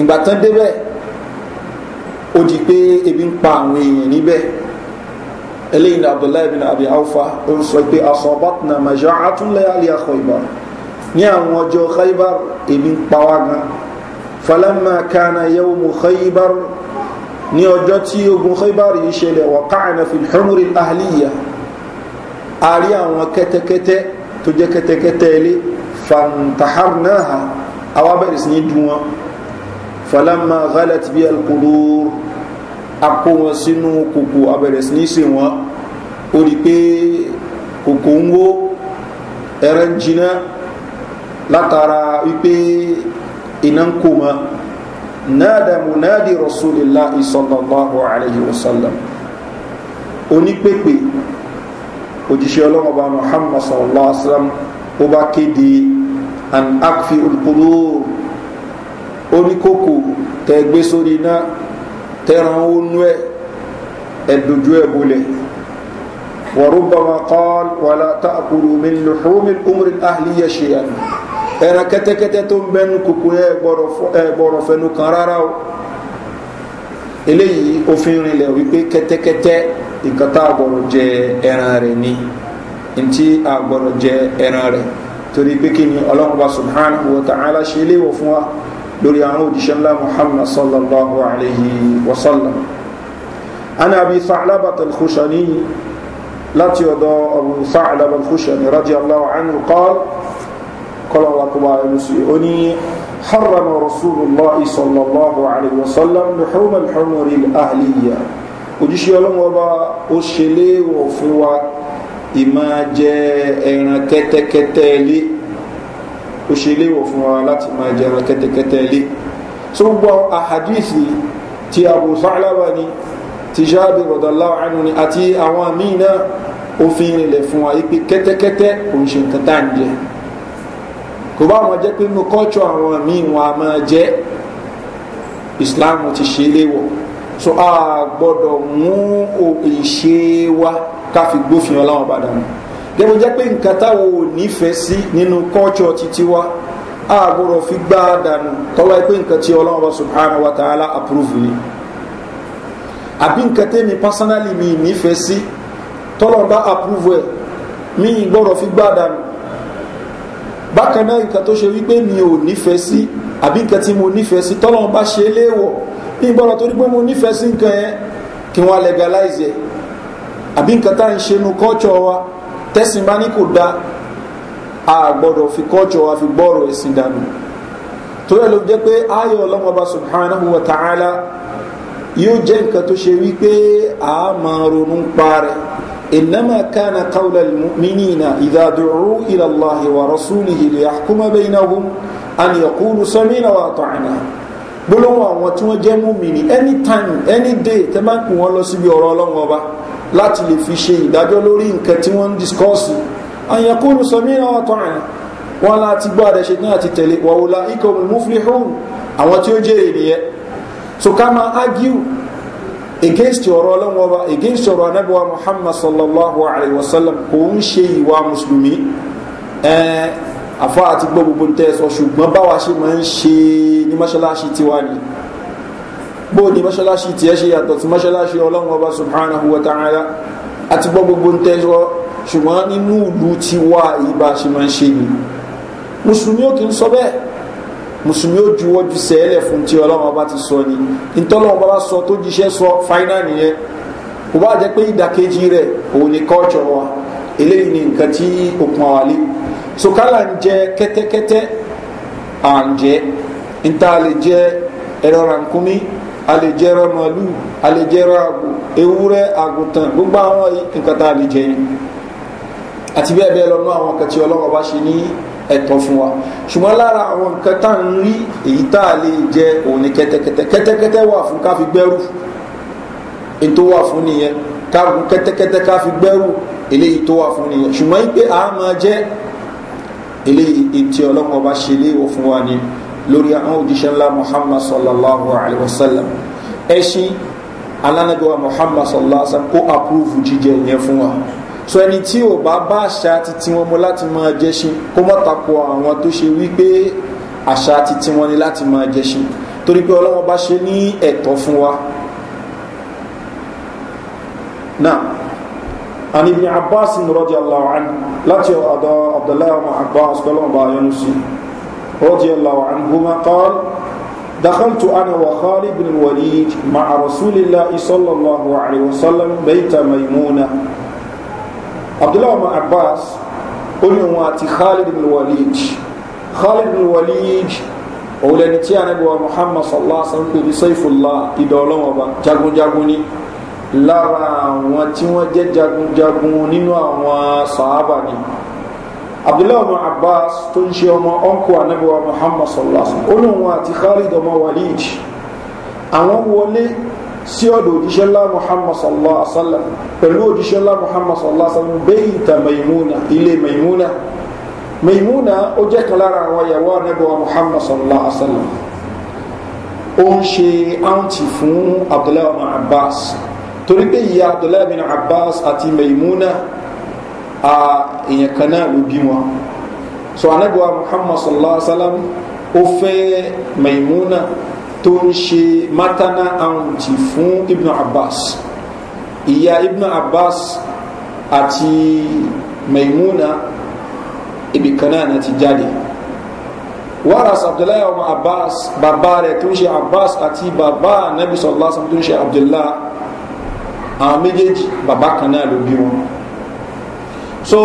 ìgbà tán débẹ̀ ó di pé ebi ń pa àwọn èèyàn níbẹ̀ eléyìí ni abdullahi bin abi awfa ó ń sọ pé asọ̀bátùnà majọ́ àtúnlẹ̀ àlẹ́ àkọ́ ìbá ní àwọn ọjọ́ khaibar ebi ń pa wá gan falamma kana yawmu khaybar ní ọjọ́ tí ogun khaybar yìí ṣẹlẹ̀ wà káàna fi humri ahliya a rí àwọn kẹ́tẹ́kẹ́tẹ́ tó jẹ́ kẹ́tẹ́kẹ́tẹ́ ilé fantaharnaha àwa bẹ̀rẹ̀ sí ní dùn wọn falamma ghalat bi alqudur a kó wọn sínú kòkò a bẹ̀rẹ̀ sí ní sè wọn ó rí pé kòkò ń wó ẹran jiná látara wípé iná ń kó ma náàdà munadi rasulillah sallallahu alayhi wa sallam onípèpè òjíṣẹ́ ọlọ́mọba muhammad sallallahu alayhi wa sallam ó bá kéde an akfi olùkúrò oníkókò tẹ́gbé sórí iná tẹ́ran ó nú ẹ̀ ẹ̀dùjú ẹ̀ bolẹ̀ وربما قال ولا تأكلوا من لحوم الأمر الأهلية شيئا ẹran kẹ́tẹ́kẹ́tẹ́ tó ń bẹnu kòkó ẹ gbọ́dọ̀ fẹnu kan rárá o eléyìí òfin rinlẹ̀ wípé kẹ́tẹ́kẹ́tẹ́ nǹkan tá a gbọ́dọ̀ jẹ ẹran rẹ̀ ni ntí a gbọ́dọ̀ jẹ ẹran rẹ̀ torí pé kí ni ọlọ́run bá subhanahu wa ta'ala ṣe léwọ̀ fún wa lórí àwọn òjíṣẹ́ ńlá muhammad sallallahu alayhi wa sallam ana abi sa'labat al-khushani láti ọ̀dọ̀ abu sa'labat al-khushani radiyallahu anhu qala kọ́lọ́wà kó bá ẹnu sí ó ní harrama rasulillah sallallahu alayhi wa sallam luhuma luhumari ahliya ojúṣe ọlọ́wọ́ bá ó ṣe léèwọ̀ fún wa ìmọ̀ jẹ ẹran kẹ́tẹ́kẹ́tẹ́ ilé ó ṣe léèwọ̀ fún wa láti máa jẹ ẹran kẹ́tẹ́kẹ́tẹ́ ilé tó gbọ́ àhàdíìsì ti abu sa'laba ni ti jáde rọ̀dọ̀lá àánú ni àti àwọn míì náà ó fi ń rinlẹ̀ fún wa yí pé kẹ́tẹ́kẹ́tẹ́ kò ń ṣe nǹkan tá à ń jẹ kò bá wọn jẹ́ pé nínú kọ́ọ̀tù àwọn míì wọn a máa jẹ́ islam ti ṣe é léwọ̀ so a gbọ́dọ̀ mú ìṣe wa ká fi gbófin ọláwọn bá dànù gẹ́gẹ́ jẹ́ pé nǹkan táwọn ò nífẹ̀ẹ́ sí nínú kọ́ọ̀tù títí wa a gbọ́dọ̀ fi gbá dànù tọ́wọ́ ẹ pé nǹkan tí ọlọ́run bá subhanahu wa ta'ala approve ni àbí nǹkan tẹ́mi personally mi nífẹ̀ẹ́ sí tọ́lọ́ bá approve ẹ̀ mi gbọ́dọ̀ fi gbá dànù bákan náà nǹkan tó ṣe wípé mi ò nífẹ̀ẹ́ sí àbí nǹkan tí mo nífẹ̀ẹ́ sí tọ́lọ́run bá ṣe léèwọ̀ ní ìgbọ́dọ̀ torí pé mo nífẹ̀ẹ́ sí nǹkan yẹn kí wọ́n legalize ẹ̀ àbí nǹkan tá à ń ṣe nu culture wa tẹ́sìn bá ní kò da a gbọ́dọ̀ fi culture wa fi gbọ́rọ̀ ẹ̀sìn dànù torí ẹ̀ ló jẹ́ pé ayọ̀ ọlọ́mọba subhanahu wa ta'ala yóò jẹ́ nǹkan tó ṣe wípé a máa ronú pa إنما كان قول المؤمنين إذا دعوا إلى الله ورسوله ليحكم بينهم أن يقولوا سمعنا وأطعنا gbólóhùn àwọn tí wọ́n jẹ́ múmìnì anytime any day tẹ́ máa ń pè wọ́n lọ síbi ọ̀rọ̀ ọlọ́run ọba láti lè fi ṣe ìdájọ́ lórí nǹkan tí wọ́n ń discourse àyànkúrú sọmíràn ọ̀tọ̀ àná wọn láti gbọ́ àdẹ́ṣe náà àti tẹ̀lé wàhùlà ikọ̀ muflihun àwọn tí ó jẹ́ ènìyàn so ká máa argue against ọ̀rọ̀ ọlọ́wọ́ ọba against ọ̀rọ̀ anábíwá muhammad sallallahu alayhi wa sallam kò ń ṣe ìwà mùsùlùmí ẹn afọ àti gbọ́ gbogbo tẹ́ sọ ṣùgbọ́n báwa ṣe máa ń ṣe ní mọ́ṣáláṣí tiwa ni bó ni mọ́ṣáláṣí tiẹ̀ ṣe yàtọ̀ sí mọ́ṣáláṣí ọlọ́wọ́ ọba subhanahu wa ta'ala àti gbọ́ gbogbo tẹ́ sọ ṣùgbọ́n nínú ìlú tiwa ìbá ṣe máa ń ṣe ni mùsùlùmí ò kì í sọ bẹ́ẹ̀ mùsùlùmí ó ju wọ́jú sẹ́ẹ̀lẹ̀ fún tí ọlọ́run ọba ti sọ ni ntọ́lọ́run ọba sọ tó jíṣẹ́ sọ fáínà nìyẹn kò bá jẹ́ pé ìdàkejì rẹ̀ òun ni kọ́ọ̀tsọ̀ wa eléyìí ni nǹkan tí òkun àwọn àlè so kálá ń jẹ kẹ́tẹ́kẹ́tẹ́ à ń jẹ níta lè jẹ ẹ̀rọ rànkúmí a lè jẹ ẹ̀rọ màálù a lè jẹ ẹ̀rọ àgbò ewúrẹ́ àgùntàn gbogbo àwọn nǹkan tá a lè jẹ yìí àti bẹ́ẹ̀ bẹ́ẹ̀ lọ́nà àwọn kàtí ọlọ́run ọba ṣe ní ẹ̀tọ́ fún wa ṣùgbọ́n lára àwọn nǹkan tá à ń rí èyí tá a lè jẹ òun ni kẹ́tẹ́kẹ́tẹ́ kẹ́tẹ́kẹ́tẹ́ wà fún ká fi gbẹ́rù èyí tó wà fún nìyẹn ká gun kẹ́tẹ́kẹ́tẹ́ ká fi gbẹ́rù eléyìí tó wà fún nìyẹn ṣùgbọ́n yìí pé a máa jẹ́ eléyìí tí ọlọ́pàá bá ṣe léèwọ̀ fún wa ni lórí àwọn òjíṣẹ́ ńlá muhammad sallallahu alayhi wa sallam ẹṣin alánàbíwá muhammad sallallahu alayhi wa sallam kó àpúrúfù jíjẹ yẹn fún wa so ẹni tí ò bá bá àṣà titi wọn mu láti máa jẹ́sìn kó mọ́ tako àwọn tó ṣe wípé àṣà titi wọn ni láti máa jẹ́sìn torí pé ọlọ́wọ́n bá ṣe ní ẹ̀tọ́ fún wa náà عن ابن عباس رضي الله عنه لا تيو عبد الله بن عباس قال رضي الله عنهما قال دخلت انا وخالد بن الوليد مع رسول الله صلى الله عليه وسلم بيت ميمونه abdullahi ibn abbas ó ní òun àti khalid ibn walid khalid ibn walid òun lẹni tí anabi wa muhammad sallallahu alaihi wa sallam pè ní saifullah ìdọ̀ ọlọ́wọ́n ọba jagunjagun ni lára àwọn tí wọ́n jẹ́ jagunjagun nínú àwọn sàábà ni abdullahi ibn abbas tó ń ṣe ọmọ ọkọ anabi muhammad sallallahu alaihi wa ó ní òun àti khalid ọmọ walid àwọn wọlé sí ọ̀dọ̀ òjíṣẹ́ ńlá muhammad sallallahu alaihi wa sallam pẹ̀lú òjíṣẹ́ ńlá muhammad sallallahu alaihi wa sallam bayta maimuna ilé maimuna maimuna ó jẹ́ kan lára àwọn ìyàwó anábẹ́wà muhammad sallallahu alaihi wa sallam ó ń ṣe áǹtì fún abdullahi bin abbas torí pé ìyá abdullahi bin abbas àti maimuna a èèyàn kan náà ló bí wọn so anábẹ́wà muhammad sallallahu alaihi ó fẹ́ maimuna tó ń ṣe mátánà àwùntì fún ibn abbas ìyá ibn abbas àti maimuna ibìkan náà náà ti jáde waras abdullahi ọmọ abbas bàbá rẹ̀ tó ń ṣe abbas àti bàbá anabi sọlá sàm tó ń ṣe abdullahi àwọn méjèèjì bàbá kan náà ló bí wọn so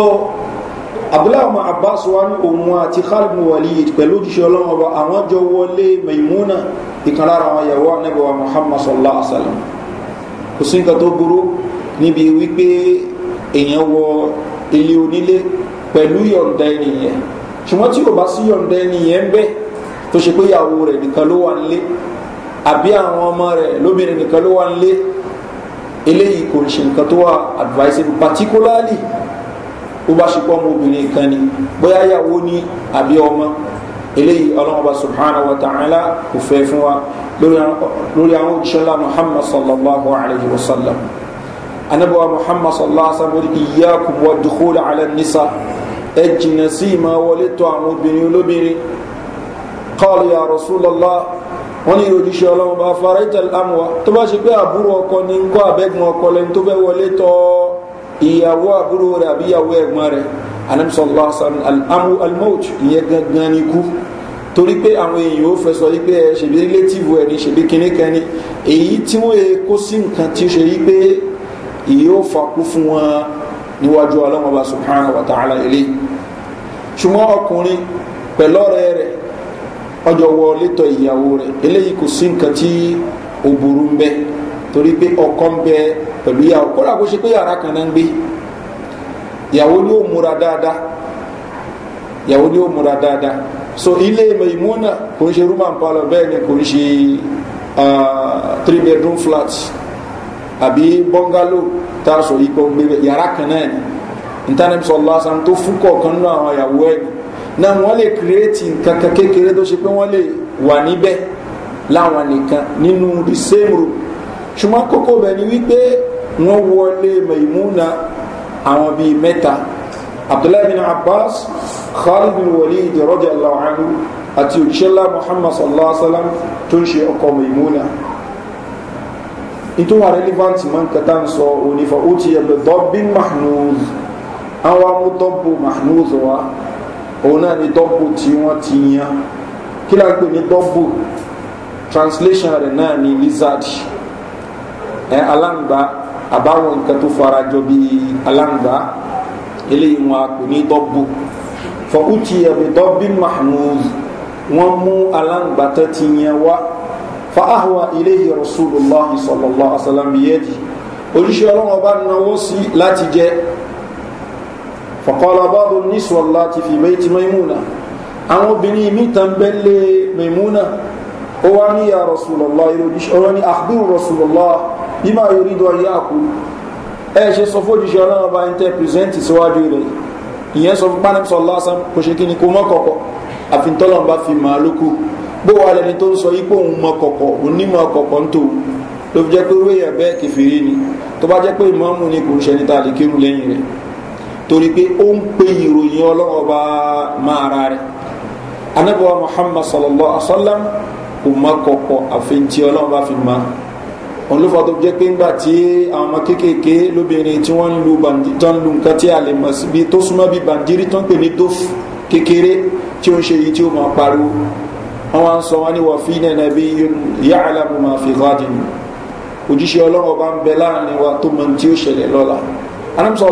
abdullahi ọmọ abbas wa ní òun àti khalid walid pẹ̀lú òjíṣẹ́ ọlọ́wọ́ àwọn jọ wọlé maimuna ìkan lára àwọn ìyàwó anábẹ́wà muhammad sallallahu alaihi wa sallam kò sí nǹkan tó burú níbi wípé èèyàn wọ ilé onílé pẹ̀lú yọ̀ǹda ènìyàn ṣùgbọ́n tí ò bá sí yọ̀ǹda ènìyàn ń bẹ́ tó ṣe pé ìyàwó rẹ̀ nìkan ló wà nílé àbí àwọn ọmọ rẹ̀ lóbìnrin nìkan ló wà nílé eléyìí kò ṣe nǹkan tó wà advisable particularly ó bá ṣe pọ́ ọmọ obìnrin kan ni bóyá ìyàwó ni àbí ọmọ eléyìí ọlọ́mọba subhanahu wa ta'ala kò fẹ́ fún wa lórí àwọn òṣìṣẹ́lá muhammad sallallahu alayhi wa sallam anabuwa muhammad sallallahu alayhi wa sallam iyyakum wa dukhul ala nisa ẹ jìnnà sí ìmọ̀ wọlé tó àwọn obìnrin olóbìnrin qala ya rasulallah wọ́n ní òjíṣẹ́ ọlọ́run bá fara ìtẹ̀lẹ̀ amúwa tó bá ṣe pé àbúrò ọkọ ní ń kọ́ àbẹ́gun ọkọ lẹ́ni tó fẹ́ wọlé tọ́ ìyàwó àbúrò rẹ̀ àbíyàwó ẹ̀gbọ́n rẹ̀ anamisọlá alamu almout ìyẹn gangan ni kú torí pé àwọn èèyàn ó fẹsọ yí pé ẹ ṣèbí relétìvù ẹni ṣèbí kinní kan ni èyí tí wọn yẹ kó sí nǹkan tí ó ṣe yí pé yóò fakú fún wọn níwájú ọlọ́mọba subhana wa ta'ala ilé ṣùgbọ́n ọkùnrin pẹ̀lú ọ̀rẹ́ rẹ̀ ọjọ́ wọ létọ̀ ìyàwó rẹ̀ eléyìí kò sí nǹkan tí ó burú ń bẹ torí pé ọkọ ń bẹ pẹ̀lú ìyàwó kódà kó ṣe pé yàrá kan náà ń gbé ìyàwó ni ó múra dáadáa ìyàwó ni ó múra dáadáa so ilé Maimuna kò ń ṣe room and parlour bẹ́ẹ̀ ni kò ń ṣe three bedroom flat àbí bungalow tá a sọ yìí pé ó gbé yàrá kan náà ni ntànàbí sọ lásán tó fún kọ̀ọ̀kan nínú àwọn ìyàwó ẹ̀ ni náà wọ́n lè kírètì nǹkan kan kékeré tó ṣe pé wọ́n lè wà níbẹ̀ láwọn nìkan nínú the same room ṣùgbọ́n kókó bẹ̀ ni wípé wọ́n wọlé Maimuna àwọn bíi mẹ́ta abdullahi bin abbas khalid bin walid radiyallahu anhu àti òṣìṣẹ́lá muhammad sallallahu alaihi wasallam tó ń ṣe ọkọ̀ maimuna nítorí wà relevant man kata ń sọ onífa ó ti yẹ̀bẹ̀ dọ́bìn mahnuz àwọn amúdọ́bù mahnuz wa òun náà ni dọ́bù tí wọ́n ti yan kí láà pè ní dọ́bù translation rẹ̀ náà ni lizard ẹ̀ alángbá àbáwọn nǹkan tó fara jọ bí aláǹgbá eléyìí wọn a kò ní dọ́bù fọkùtì ẹ̀rù dọ́bí mahmoud wọn mú aláǹgbá tó ti yẹn wá fa ahwa iléyìí rasulillah sallallahu alaihi wa sallam yẹ́dì ojúṣe ọlọ́run ọba náwó sí láti jẹ́ fọ̀kọ́lá bábọ̀ nísọ̀ láti fi bẹ́ẹ̀tì maimuna àwọn obìnrin mítàn bẹ́lẹ̀ maimuna ó wá ní ya rasulullah ìròyìn ọ̀rọ̀ ní àkbírù rasulullah bímọ yorùdọ ayé àkú ẹ ṣe sọ fójúṣe ọlọ́run ọba ń tẹ pírẹsẹ́ǹtì síwájú rẹ̀ ìyẹn sọ fún pánẹ́sọ lásán kò ṣe kí ni kò mọ́ kọ̀kọ̀ àfin tọ́lọ́run bá fi màá lóko bó wà lẹni tó ń sọ yípo òun mọ kọ̀kọ̀ onímọ̀ kọ̀kọ̀ ń tò ló fi jẹ́ pé owó èèyàn kẹfìrí ni tó bá jẹ́ pé ìmọ̀ọ́mù ni kò ń ṣẹni tá a lè kírun lẹ́yìn rẹ̀ torí pé ó ń pe ìròyìn ọlọ́run ọba máa ra rẹ̀ anábọ̀wá muhammad sallallahu alaihi wa sallam kò mọ kọ̀kọ̀ àfin ọlọ́run bá fi máa òun ló fà tó jẹ́ pé ńgbà tí àwọn ọmọ kéékèèké lóbìnrin tí wọ́n ń lu tán lu nǹkan tí a lè mọ̀ síbi tó súnmọ́ bí bàǹdírí tán pè ní tóf kékeré tí ó ń ṣe yìí tí ó máa pariwo wọ́n wá ń sọ wọ́n ní wọ́n fi nẹ̀nà bí yàrá mo máa fi rádìí òjíṣẹ́ ọlọ́run ọba ń bẹ láàrin wa tó mọ tí ó ṣẹlẹ̀ lọ́la anamsa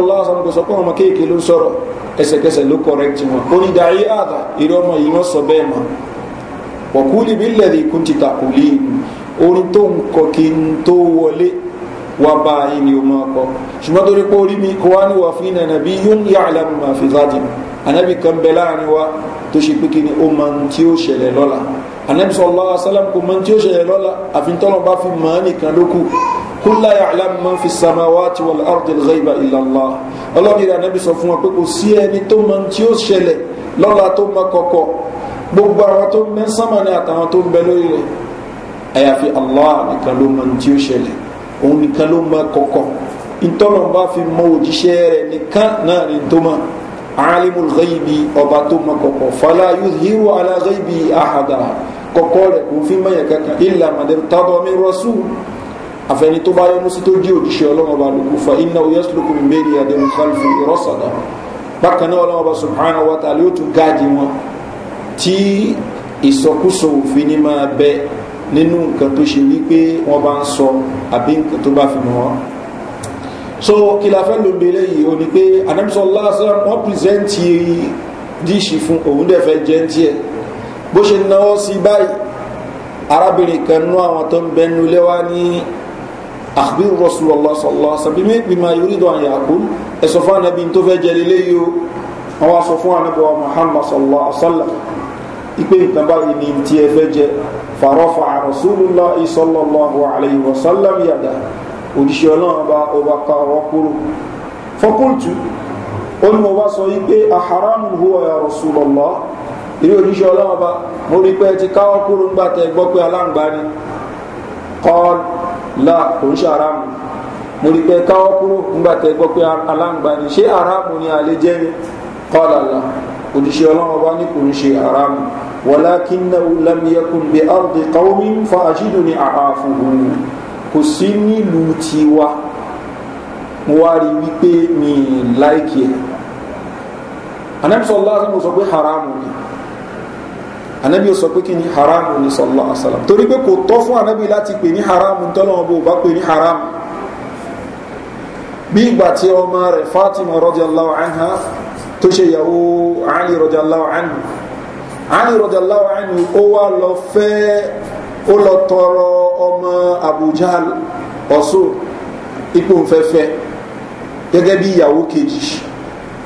orin tó ń kọ kí n tó wọlé wá bá yín ni o máa kọ ṣùgbọ́n torí pé orí mi kó wá ní wà fún iná nàbí yún yà àlàmù máa fi záàdì ànábì kan bẹ láàrin wa tó ṣe pé kí ni ó máa ń tí ó ṣẹlẹ̀ lọ́la ànábì sọlá asálàm kò máa ń tí ó ṣẹlẹ̀ fi mọ̀ án nìkan ló kù kó láyà fi sàmà wá ti wà lárúdẹ̀ lẹ́yìnbá ìlàlá ọlọ́run ìrìn ànábì sọ wa pé kò sí ẹni tó máa ń tí ó ṣẹlẹ̀ lọ́la tó máa kọ̀kọ̀ gbogbo àwọn tó ń bẹ sánmà ni àtàwọn tó ń bẹ lórí rẹ̀ àyàfi allah nìkan ló mọ tí ó ṣẹlẹ̀ òun nìkan ló mọ kọ̀kọ̀ ìtọ́lọ̀ bá fi mọ òjíṣẹ́ rẹ̀ nìkan náà ni tó mọ alimul ghaibi ọba tó mọ kọ̀kọ̀ fala yuzhiru ala ghaibi ahada kọ̀kọ̀ rẹ̀ kò fi mọ̀ yẹn kankan illa madam tadomi rasul àfẹni tó bá yẹnu sí tó jí òjíṣẹ́ ọlọ́run ọba lòkù fa iná yasluku min bayni yadayhi khalfi rasada bákan náà ọlọ́run ọba subhanahu wa ta'ala yóò tún gáàdì wọn tí ìsọkúsọ òfin ni nínú nǹkan tó ṣe wípé wọ́n bá ń sọ àbí nǹkan tó bá fi mọ́ wọn so kí la fẹ́ ló gbélé yìí o ní pé anamisọ lásán wọ́n pìrìsẹ́ǹtì díṣì fún òun dẹ̀ fẹ́ jẹ́ tiẹ̀ bó ṣe náwó sí báyìí arábìnrin kan nú àwọn tó ń bẹnu lẹ́wà ní àbíru rasulallah sallallahu alaihi wasallam bí mi ayúrí dùn àyà kú ẹ̀sọ́ fún anabi tó fẹ́ jẹ́ lélẹ́yìí o wọ́n wá sọ fún anabi wa muhammad sallallahu alaihi wasallam ipe nǹkan báyìí ni tí ẹ fẹ́ jẹ farofa rasulillah sallallahu alayhi wa òjíṣẹ́ ọlọ́run ọba ká fọkúntù ó sọ huwa ya rasulillah ilé oníṣẹ́ ọlọ́wọ́ bá mo rí pé ti káwọ́ kúrò ń gbàtẹ́ gbọ́ ni kọ́ọ̀l là kò walakinnahu lam yakun bi ardi qawmin fa ajiduni a'afuhum kò sí nílùú tiwa mo wá rí wípé mi láìkì ẹ̀ anabi sallallahu alaihi wasallam sọ pé haramu ni anabi sọ pé kí ni haramu ni sallallahu alaihi wasallam torí pé kò tọ́ fún anabi láti pè ní haramu tọ́lọ́wọ́n bó bá pè ní haramu bí ìgbà tí ọmọ rẹ̀ fatima radiyallahu anha tó ṣe ìyàwó ali radiyallahu anhu ali rọjàláwà ẹnu ó wá lọ fẹ́ ó lọ tọrọ ọmọ abuja ọ̀ṣọ́ ipò nfẹ́fẹ́ gẹ́gẹ́ bí ìyàwó kejì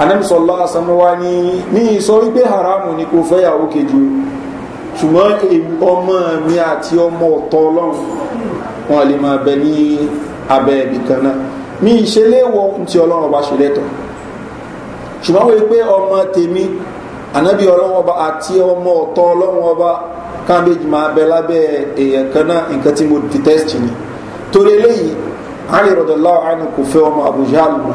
anamisọ́lá asanuwa ni ní sọ wípé haramu ni kò fẹ́ ìyàwó kejì ṣùgbọ́n ọmọ mi àti ọmọ ọ̀tọ̀ ọlọ́run wọn lè máa bẹ ní abẹ́ ibìkan náà mi ìṣeléwọ̀ ntí ọlọ́run ọba ṣe lẹ́tọ̀ọ́ ṣùgbọ́n wọ́n pé ọmọ tèmi anabi ọlọ́wọ́n ọba àti ọmọ ọ̀tọ́ ọlọ́wọ́n ọba kábéjì máa bẹ lábẹ́ èèyàn kan náà nǹkan tí mo detest ni torí eléyìí ali rọdọlá ọhánu kò fẹ́ ọmọ abuja lu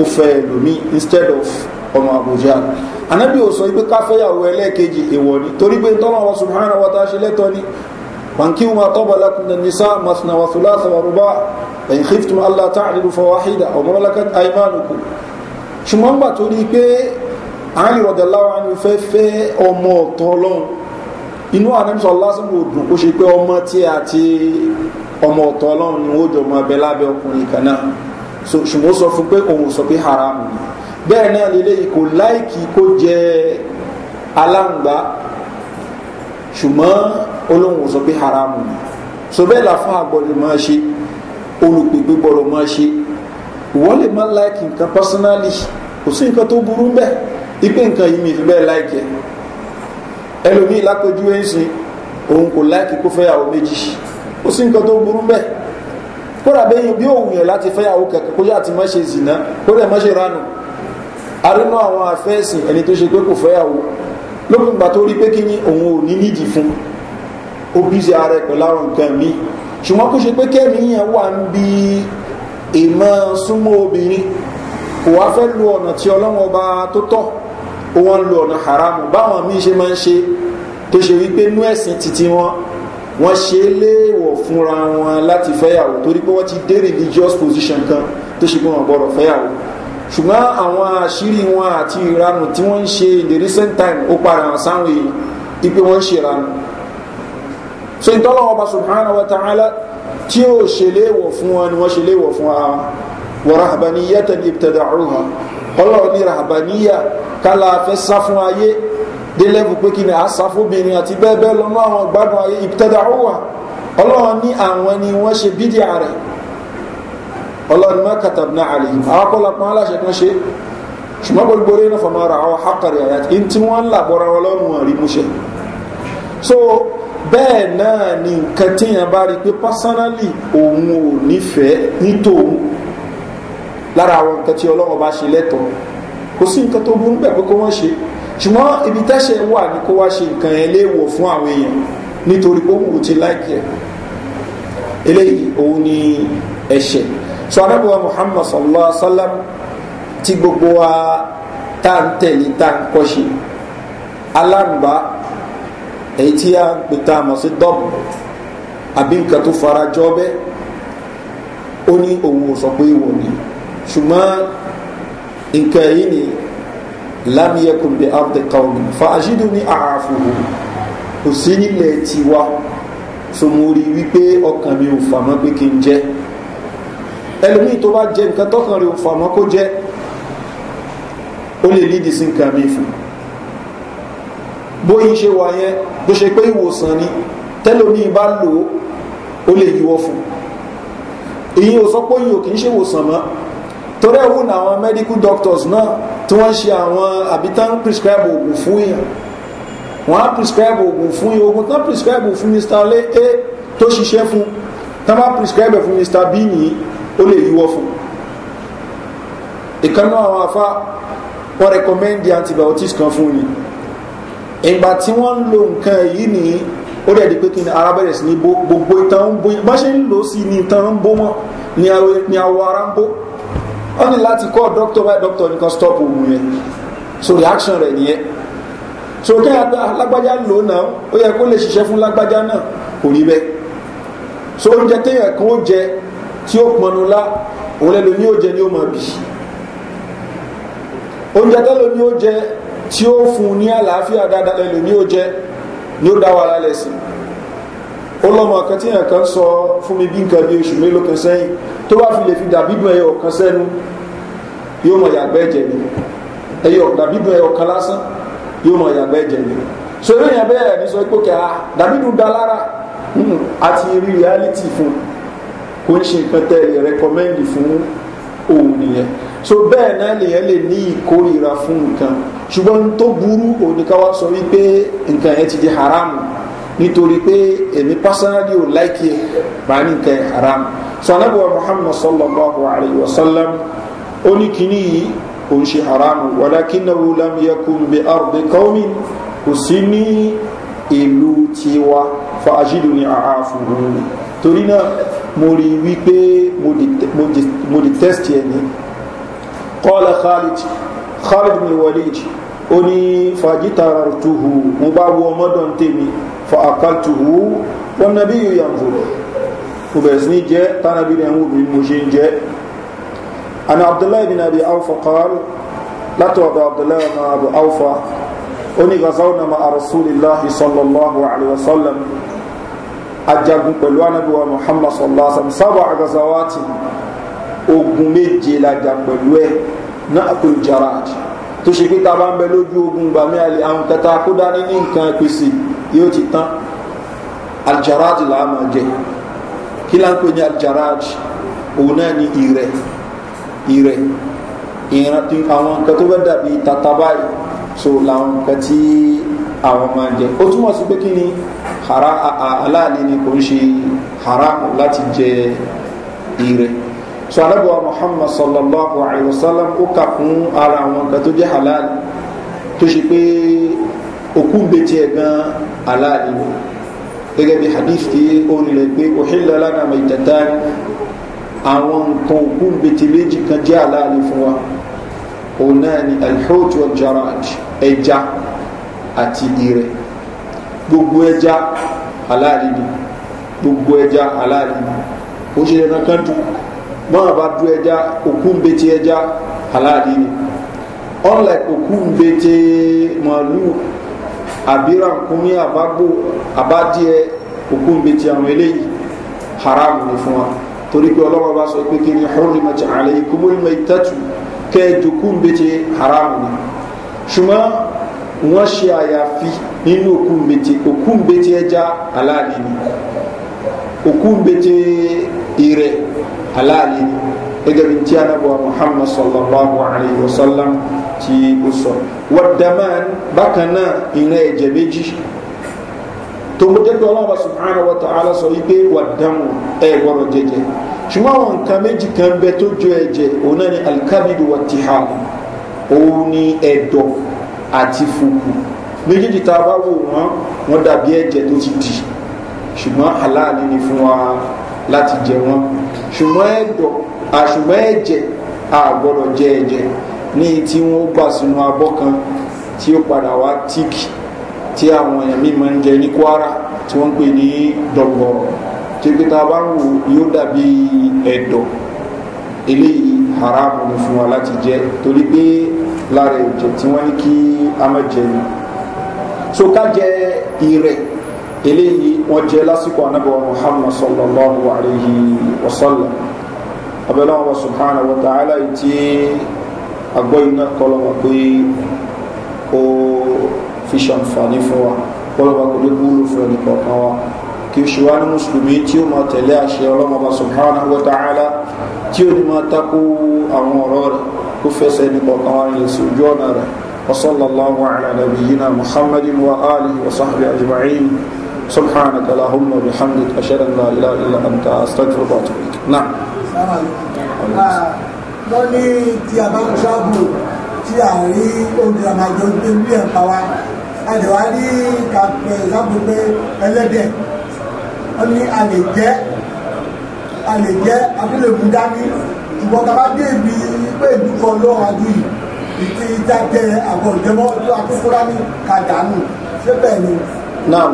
ó fẹ́ lomi instead of ọmọ abuja anabi ò sọ pé káfẹ́yàwó ẹlẹ́ẹ̀kejì èèwọ̀ ni torí pé ntọ́nà wa subhanahu wa ta ṣe lẹ́tọ́ ni وانكحوا ما طاب لكم من النساء مثنى وثلاث ورباع فإن خفتم ألا تعدلوا فواحدة أو ما ملكت أيمانكم ṣùgbọ́n gbà tó rí pé àárín rọ̀dẹ̀láwà ni fẹ́ fẹ́ ọmọ ọ̀tọ̀ ọlọ́run inú àdámsọ̀ lásán kò dùn kó ṣe pé ọmọ tí àti ọmọ ọ̀tọ̀ ọlọ́run ni ó jọ ṣùgbọ́n sọ fún pé òun sọ pé haramu ni bẹ́ẹ̀ náà lélẹ́ kò láìkì kó jẹ aláǹgbá ṣùgbọ́n olóhùn sọ pé haramu ni so bẹ́ẹ̀ làfáà àgbọ̀dọ̀ máa ṣe olùpègbè gbọ́dọ̀ máa ṣe ìwọ́n lè má láìkì nǹkan kò sí nǹkan ipe nǹkan yìí mi fi bẹ́ẹ̀ láìkì ẹ̀ ẹlòmíì lápẹjú ẹ̀sìn òun kò láìkì kó fẹ́yàwó méjì ó sì nǹkan tó burú bẹ́ẹ̀ kódà bẹ́yìn bí òun yàn láti fẹ́yàwó kẹ̀kẹ́ kó yà ti má ṣe zìnà kó dẹ̀ má ṣe ránù arínú àwọn afẹ́sìn ẹni tó ṣe pé kò fẹ́yàwó lópin ìgbà tó rí pé kí ni òun ò ní nídìí fún ó bíze ara ẹ̀ pẹ̀lú àwọn nǹkan míì ṣùgbọ́n kó ṣe pé kẹ́mi wà ń bi ìmọ̀ súnmọ́ obìnrin kò wá fẹ́ lu ọ̀nà tí ọlọ́wọ́n ọba tó tọ́ wọ́n ń lo ọ̀nà haramu báwọn míì ṣe máa ń ṣe tó ṣe wípé nú ẹ̀sìn títí wọn wọ́n ṣe é léèwọ̀ fúnra wọn láti fẹ́yàwó torí pé wọ́n ti dé religious position kan tó ṣe pé wọ́n gbọ́dọ̀ fẹ́yàwó ṣùgbọ́n àwọn àṣírí wọn àti ìranù tí wọ́n ń ṣe in the recent time ó para hàn sáwọn èèyàn ipe wọ́n ń ṣe ìranù so ìtọ́lọ́ ọba subhanahu wa ta'ala tí ó ṣe léèwọ̀ fún wọn ni wọ́n ṣe léèwọ̀ fún wa wọ̀rọ̀ àbáníyẹ́tẹ̀ ibtada'uha ọlọ́run ní rahabaniya kálá fẹ́ sá fún ayé délẹ́bù pé kí ni a sá fóbìnrin àti bẹ́ẹ̀ bẹ́ẹ̀ lọ́nà àwọn gbádùn ayé ìtẹ́dà ó wà ọlọ́run ní àwọn ni wọ́n ṣe bídíà rẹ̀ ọlọ́run má katabna àlèyìn àwọn kọ́lápọ̀ aláṣẹ kan ṣe ṣùgbọ́n so bẹ́ẹ̀ náà ni nǹkan tíyàn bá rí pé pásánálì òun ò nífẹ̀ẹ́ nítòun lára àwọn nǹkan tí ọlọ́run bá ṣe lẹ́tọ̀ọ́ kò sí nǹkan tó burú bẹ́ẹ̀ pé kó wọ́n ṣe ṣùgbọ́n ibi tẹ́ṣẹ̀ wà ní kó wá ṣe nǹkan ẹ̀ léèwọ̀ fún àwọn èèyàn nítorí pé òun ti láìkẹ́ eléyìí òun ni ẹ̀ṣẹ̀ so anábíwá muhammad sallallahu alaihi wa sallam ti gbogbo wa tá à ń tẹ̀lé tá à ń kọ́ṣe aláǹgbá èyí tí a ń pè tá a mọ̀ sí dọ́ọ̀bù àbí nǹkan tó fara jọ bẹ́ẹ̀ ó ní òun ò sọ pé ìwọ ni ṣùgbọ́n nǹkan yìí ni lámìyẹkùn bí abdi kawmi fa àṣídù ní àáfòhò kò sí nílẹ̀ tiwa so mo rí wípé ọkàn mi ò fàmọ́ pé kí n jẹ́ ẹlòmíì tó bá jẹ nǹkan tọkàn rẹ̀ ò fàmọ́ kó jẹ́ ó lè lídìí sí nǹkan mi fún bóyí ṣe wà yẹn bó ṣe pé ìwòsàn ni tẹ́lómi bá lò ó lè yíwọ́ fún ìyí ò sọ pé yìí ò kì í ṣe ìwòsàn mọ́ torí ẹ̀wù ní àwọn medical doctors náà tí wọ́n ṣe àwọn àbítá ń prescribe oògùn fún yẹn wọ́n á prescribe oògùn fún yẹn oògùn tán prescribe fún mr lé a tó ṣiṣẹ́ fún tán bá prescribe fún mr b yìí ó lè yíwọ́ fún ìkànnà àwọn afá wọ́n recommend antibiotics kan fún ni ìgbà tí wọ́n ń lo nǹkan yìí ni ó dẹ̀ di pé kí ni ara bẹ̀rẹ̀ sí ní gbogbo ìtàn ń bó bá ṣe ń lò sí ni ìtàn ń bó mọ́ ni awọ ara ń bó wọ́n ní láti kọ́ doctor bá dókítọ̀ nìkan stop òun yẹn so reaction rẹ̀ nìyẹn so kí lágbájá lò náà ó yẹ kó lè ṣiṣẹ́ fún lágbájá náà kò rí bẹ́ẹ̀ so oúnjẹ téèyàn kan ó jẹ tí ó pọnú lá òun lẹ́lòmí ó jẹ ní ó máa bì oúnjẹ tẹ́lòmí ó jẹ tí ó fún ní àlàáfíà dáadáa lẹ́lòmí ó jẹ ní ó dá wàhálà lẹ́sìn ó lọ́mọ kan tí yàn kan sọ fún mi bí nǹkan bí oṣù mélòó kan sẹ́yìn tó bá fi lè fi dàbídùn ẹyọ kan sẹ́nu yóò mọ̀ yàgbẹ́ ẹ̀jẹ̀ mi ẹyọ dàbídùn ẹyọ kan lásán yóò mọ̀ yàgbẹ́ ẹ̀jẹ̀ mi so eré yẹn bẹ́ẹ̀ ní sọ pé kí ah, hmm, a dàbídùn da lára àti rí reality fún kò ń ṣe nǹkan tẹ́ ẹ recommend fún òun nìyẹn so bẹ́ẹ̀ náà lèyẹn lè ní ìkórira fún nǹkan ṣùgbọ́n tó burú òun ni ká wá sọ wípé nǹkan yẹn ti di haramu nítorí pé èmi pásánálì ò láìkí ẹ̀ máa ní nǹkan haram sanabuwa muhammad sallallahu alayhi wa sallam ó ní kíní yìí kò ń ṣe haram wàlákínnáwó lámìyẹkùn bí ardi kọ́mí kò sí ní ìlú tiwa fa ajídù ní àáfùn òun torí náà mo rí wípé mo di test yẹn ni kọ́lá khalid khalid ni walid ó ní fàjítàrà tuhu mo bá wọ ọmọdọ̀ ń tèmi fa'akaltuhu wọn nàbí yóò yàn zòrò kò bẹ̀rẹ̀ sí ní jẹ́ tánàbí rẹ̀ ń wò bí mo ṣe ń jẹ́ ana abdullahi bin abi awfa qaal látọ̀ ọ̀dọ̀ abdullahi bin abi awfa ó ní gazawna ma arasulillahi sallallahu alaihi wasallam ajagun pẹ̀lú anabiwa muhammad sallallahu alaihi wasallam sábà agazawati ogun méje lajà pẹ̀lú ẹ̀ náà kò jaraj tó ṣe pé ta bá ń bẹ lójú ogun gbàmí àlè àwọn kẹta kó dání ní nǹkan pèsè yóò ti tán aljaraji là á máa jẹ kí là ń pè ní aljaraji òun náà ni ìrẹ ìrẹ ìran tí àwọn nǹkan tó fẹ́ dàbí tata báyìí so làwọn nǹkan tí àwọn máa ń jẹ ó túmọ̀ sí pé kí ni hara aláàlẹ́ ni kò ń ṣe haramu láti jẹ ìrẹ so alábọ̀wá muhammad sallallahu alayhi wa sallam ó kà fún ara àwọn nǹkan tó jẹ́ halal tó ṣe pé òkú ń bẹ tiẹ̀ gan aláàdì lò gẹ́gẹ́ bí hadith tí ó nílẹ̀ pé òhìlẹ̀ lánàá mẹ́tẹ̀ẹ̀ta àwọn nǹkan òkú ń bẹ ti méjì kan jẹ́ aláàdì fún wa òun náà ni alhut wa jaraj ẹja àti ìrẹ gbogbo ẹja aláàdì ni gbogbo ẹja aláàdì ni ó ṣe dandan kan dùn máa bá du ẹja òkú ń bẹ ti ẹja aláàdì ni unlike òkú ń bẹ ti màálù àbíra nkúnmí àbágbó àbádìẹ òkú ìbètì àwọn eléyìí haram ni fún wa torí pé ọlọ́wọ́ bá sọ pé kí ni hurrimat alaykum al-maytatu kẹ́ẹ̀dù kú ìbètì haram ni ṣùgbọ́n wọ́n ṣe àyàfi nínú òkú ìbètì òkú ìbètì ẹja aláàlì ni òkú ìbètì ìrẹ aláàlì ni gẹ́gẹ́ bí tí a sallallahu alayhi wa sallam tí ó sọ wàdàmán bákan náà ìran ẹ̀jẹ̀ méjì tó kó jẹ́ pé ọlọ́run subhanahu wa ta'ala sọ wípé wàdàmù ẹ̀ gbọ́dọ̀ jẹjẹ ṣùgbọ́n àwọn nǹkan méjì kan bẹ tó jọ ẹ̀jẹ̀ òun náà ni alkabidu wa tihal òun ni ẹ̀dọ̀ àti fùkù méjèèjì tá a bá wò wọ́n wọ́n dàbí ẹ̀jẹ̀ tó ti dì ṣùgbọ́n aláàlú ni fún wa láti jẹ wọ́n ṣùgbọ́n ẹ̀dọ̀ àṣùgbọ́n ẹ̀jẹ̀ àgbọ̀dọ̀ jẹ ẹ̀jẹ̀ ní tí wọ́n gbà sínú abọ́ kan tí ó padà wá tíkì tí àwọn èèyàn mímọ́ ń jẹ ní kwara tí wọ́n ń pè ní dọ̀gbọ̀rọ̀ tí bá ń wò yóò dàbí ẹ̀dọ̀ eléyìí haramu ni fún wa láti jẹ torí pé lára ẹ̀jẹ̀ tí wọ́n ní kí a má jẹ ni so ká jẹ ìrẹ̀ eléyìí wọ́n jẹ lásìkò anábọ̀ muhammad sallallahu alayhi wa sallam agbọ́ iná kọlọ́wà pé ó fi ṣàǹfààní fún wa kọlọ́wà kò dé wúlò fún ẹnì kọ̀ọ̀kan wa kí oṣù wa ní mùsùlùmí tí ó máa tẹ̀lé àṣẹ ọlọ́mọba subhanahu wa ta'ala tí ó ní máa takò àwọn ọ̀rọ̀ rẹ̀ kó fẹsẹ̀ ẹnì kọ̀ọ̀kan wa rìn sí ojú ọ̀nà rẹ̀ وصلى الله على نبينا محمد وآله وصحبه أجمعين سبحانك اللهم وبحمدك أشهد أن لا إله إلا أنت أستغفرك وأتوب إليك نعم wọ́n ní tí a bá ń ṣáàbù tí a rí oúnjẹ àmàjọ gbé ní ẹ̀pá wa a lè wá ní kàpẹ́ ìsáàbù ẹlẹ́dẹ̀ wọ́n ní a lè jẹ́ a lè jẹ́ a tún lè mú dání ṣùgbọ́n kaba dé ibi pé ìlú kan lọ́wọ́ adúlù ìtì ìdájẹ́ àgọ́ ìjẹ́mọ́ tó akókóra ní kàdánù ṣé bẹ́ẹ̀ ni naam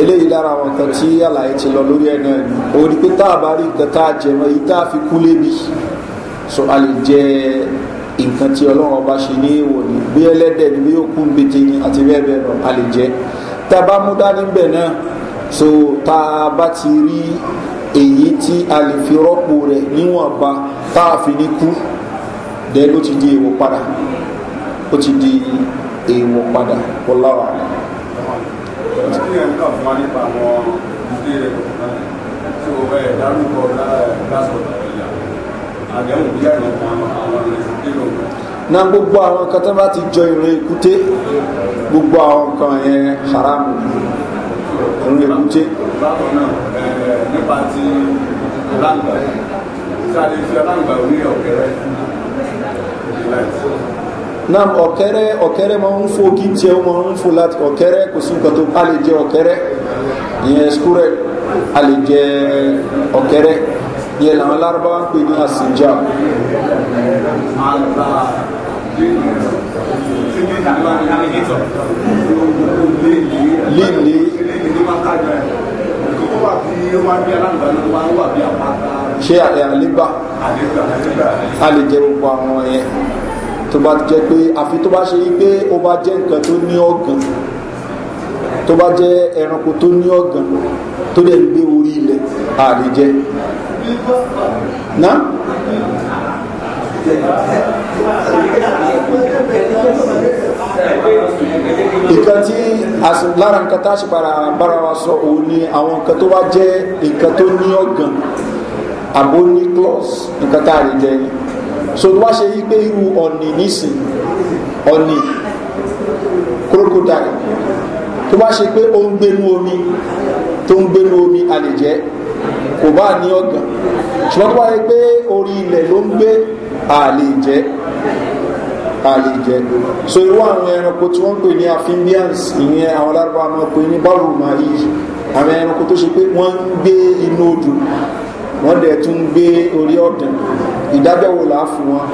eléyìí lára àwọn nǹkan tí àlàyé ti lọ lórí ẹni ẹni òun ni pé tá a bá rí nǹkan tá a jẹ mọ èyí tá a fi kú lébi so a lè jẹ nǹkan tí ọlọ́run ọba ṣe ní èèwọ̀ ni bí ẹlẹ́dẹ̀ ni bí ó kún bete ni àti bẹ́ẹ̀ bẹ́ẹ̀ lọ a lè jẹ tá a bá mú dání bẹ̀ náà so tá a bá ti rí èyí tí a lè fi rọ́pò rẹ̀ níwọ̀nba tá a fi ní kú then ó ti di èèwọ̀ padà ó ti di èèwọ̀ padà wọláwà. Thank you na gbogbo àwọn nǹkan tó bá ti jọ ìrìn èkúté gbogbo àwọn nǹkan yẹn haramu ìrìn èkúté. bákan náà eh, nípa ti ọlàǹgbà sáré fi ọlàǹgbà orí ọ̀kẹ́rẹ́ nam ọ̀kẹ́rẹ́ ọ̀kẹ́rẹ́ máa ń fo kí máa ń fo láti ọ̀kẹ́rẹ́ kò sí nǹkan tó a lè jẹ ọ̀kẹ́rẹ́ ìyẹn skúrẹ́ a lè jẹ ọ̀kẹ́rẹ́ yẹn làwọn lárúbáwá ń pè ní àsìnjà líle ṣé àlẹ́ àlébà a lè jẹ gbogbo àwọn ẹ̀ tó bá jẹ́ pé àfi tó bá ṣe yí pé ó bá jẹ́ nǹkan tó ní ọ̀gàn tó bá jẹ́ ẹranko tó ní ọ̀gàn tó dẹ̀ ń gbé orí ilẹ̀ a lè jẹ Naam? nǹkan tí lára nǹkan tá a ṣe bára wa sọ òun ni àwọn nǹkan tó bá jẹ́ nǹkan tó ní ọ̀gàn àbó ní claus nǹkan tá a lè jẹ ni so tó bá ṣe yí pé irú ọ̀nì nísìn ọ̀nì crocodile tó bá ṣe pé ó ń gbénú omi tó ń gbénú omi a lè jẹ́ kò bá ní ọ̀gàn ṣùgbọ́n tó bá yẹ pé orí ilẹ̀ ló ń gbé àlè jẹ́ so irú àwọn ẹranko tí wọ́n ń pè ní amphibians ìyẹn àwọn alárùbá máa pè ní bárùmá yìí àwọn ẹranko tó ṣe pé wọ́n ń gbé inú odò wọ́n dẹ̀ tún ń gbé orí ọ̀dàn ìdábẹ̀wò là á fún wọn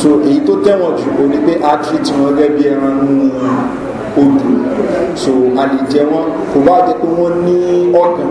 so èyí tó tẹ̀wọ̀n jù ó ní pé a treat wọn gẹ́gẹ́ bí ẹran nù odò so àlè jẹ́ wọn kò bá jẹ́ pé wọ́n ní ọ̀gàn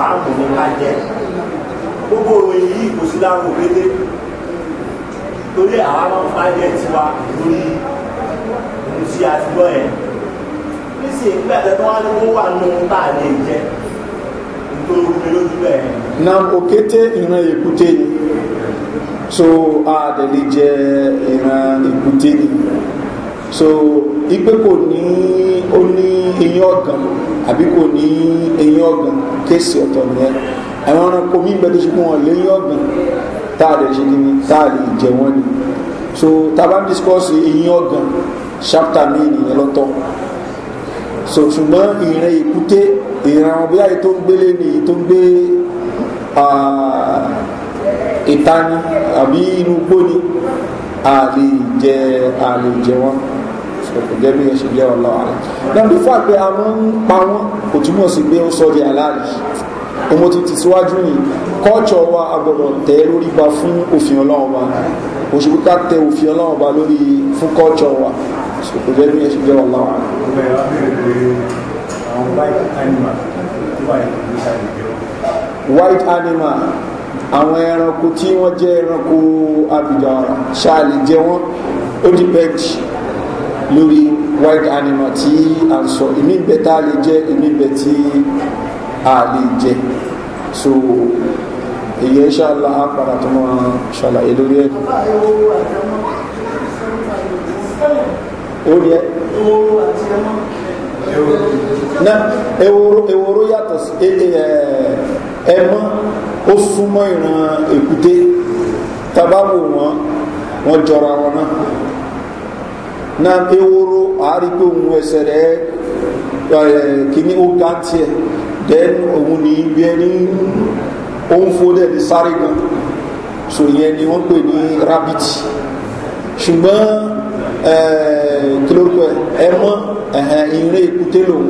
ààbò ní ká jẹ́ gbogbo òròyìn yìí kò sí lára òkété torí àwa máa ń fa jẹ́ tiwa lórí ohun tí a ti gbọ́ yẹn nísì nígbà tó tó wá ní owó wà nù tá a lè jẹ nítorí omi lójú bẹ́ẹ̀. na òkété ìran èkúté ni so a dẹ̀ lè jẹ ìran èkúté ni so ipe kò ní ó ní iyán ọ̀gàn àbí kò ní eyín ọ̀gàn kéèsì ọ̀tọ̀ nìyẹn àwọn ẹranko mí gbẹdẹ ṣe fún wọn léyìn ọ̀gàn tá a lè ṣe kí ni tá a lè jẹ wọn ni so taba ń discourse eyín ọ̀gàn chapter mi nìyẹn lọ́tọ̀ so ṣùgbọ́n ìran èkúté ìran àwọn bóyá ètò ń gbélé ni ètò ń gbé ìtani àbí inú gbóni a lè jẹ a lè jẹ wọn kò jẹ́ bí yẹn ṣe jẹ́ ọlọ́ ààrẹ náà bí fà pé a mọ́ ń pa wọ́n kò túmọ̀ sí pé ó sọ di aláàrí ọmọ ti ti síwájú yìí kọ́ọ̀tsọ̀ wa agbọ̀dọ̀ tẹ́ lórí ba fún òfin ọlọ́run wa òṣèlú ká tẹ òfin ọlọ́run ba lórí fún kọ́ọ̀tsọ̀ wa kò jẹ́ bí jẹ́ white animal àwọn ẹranko tí wọ́n jẹ́ ẹranko abidjan ṣáà lè jẹ wọ́n ó dìpẹ́ǹtì lórí wild animal tí a ń sọ ìmí ìbẹ̀ tá a lè jẹ́ ìmí ìbẹ̀ tí a lè jẹ́ so èyí ṣàlá padà tó máa ṣàlàyé lórí ẹ̀ orí ẹ̀ na eworo eworo yàtọ̀ sí e, e, ẹmọ ó súnmọ́ ìran èkúté tabawo wọn wọn jọra wọn náà na eworo àárí pé òun ẹsẹ̀ rẹ̀ kíní ó ga tiẹ̀ then òun ní ibi ẹni òun fó dẹ̀ ní sáré gan so ìyẹn ni wọ́n pè ní rabbit ṣùgbọ́n e, kí ló kọ ẹ mọ́ ìrìn èkúté lòun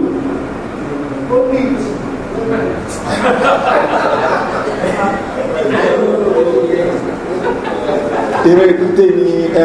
ìrìn èkúté ni ẹ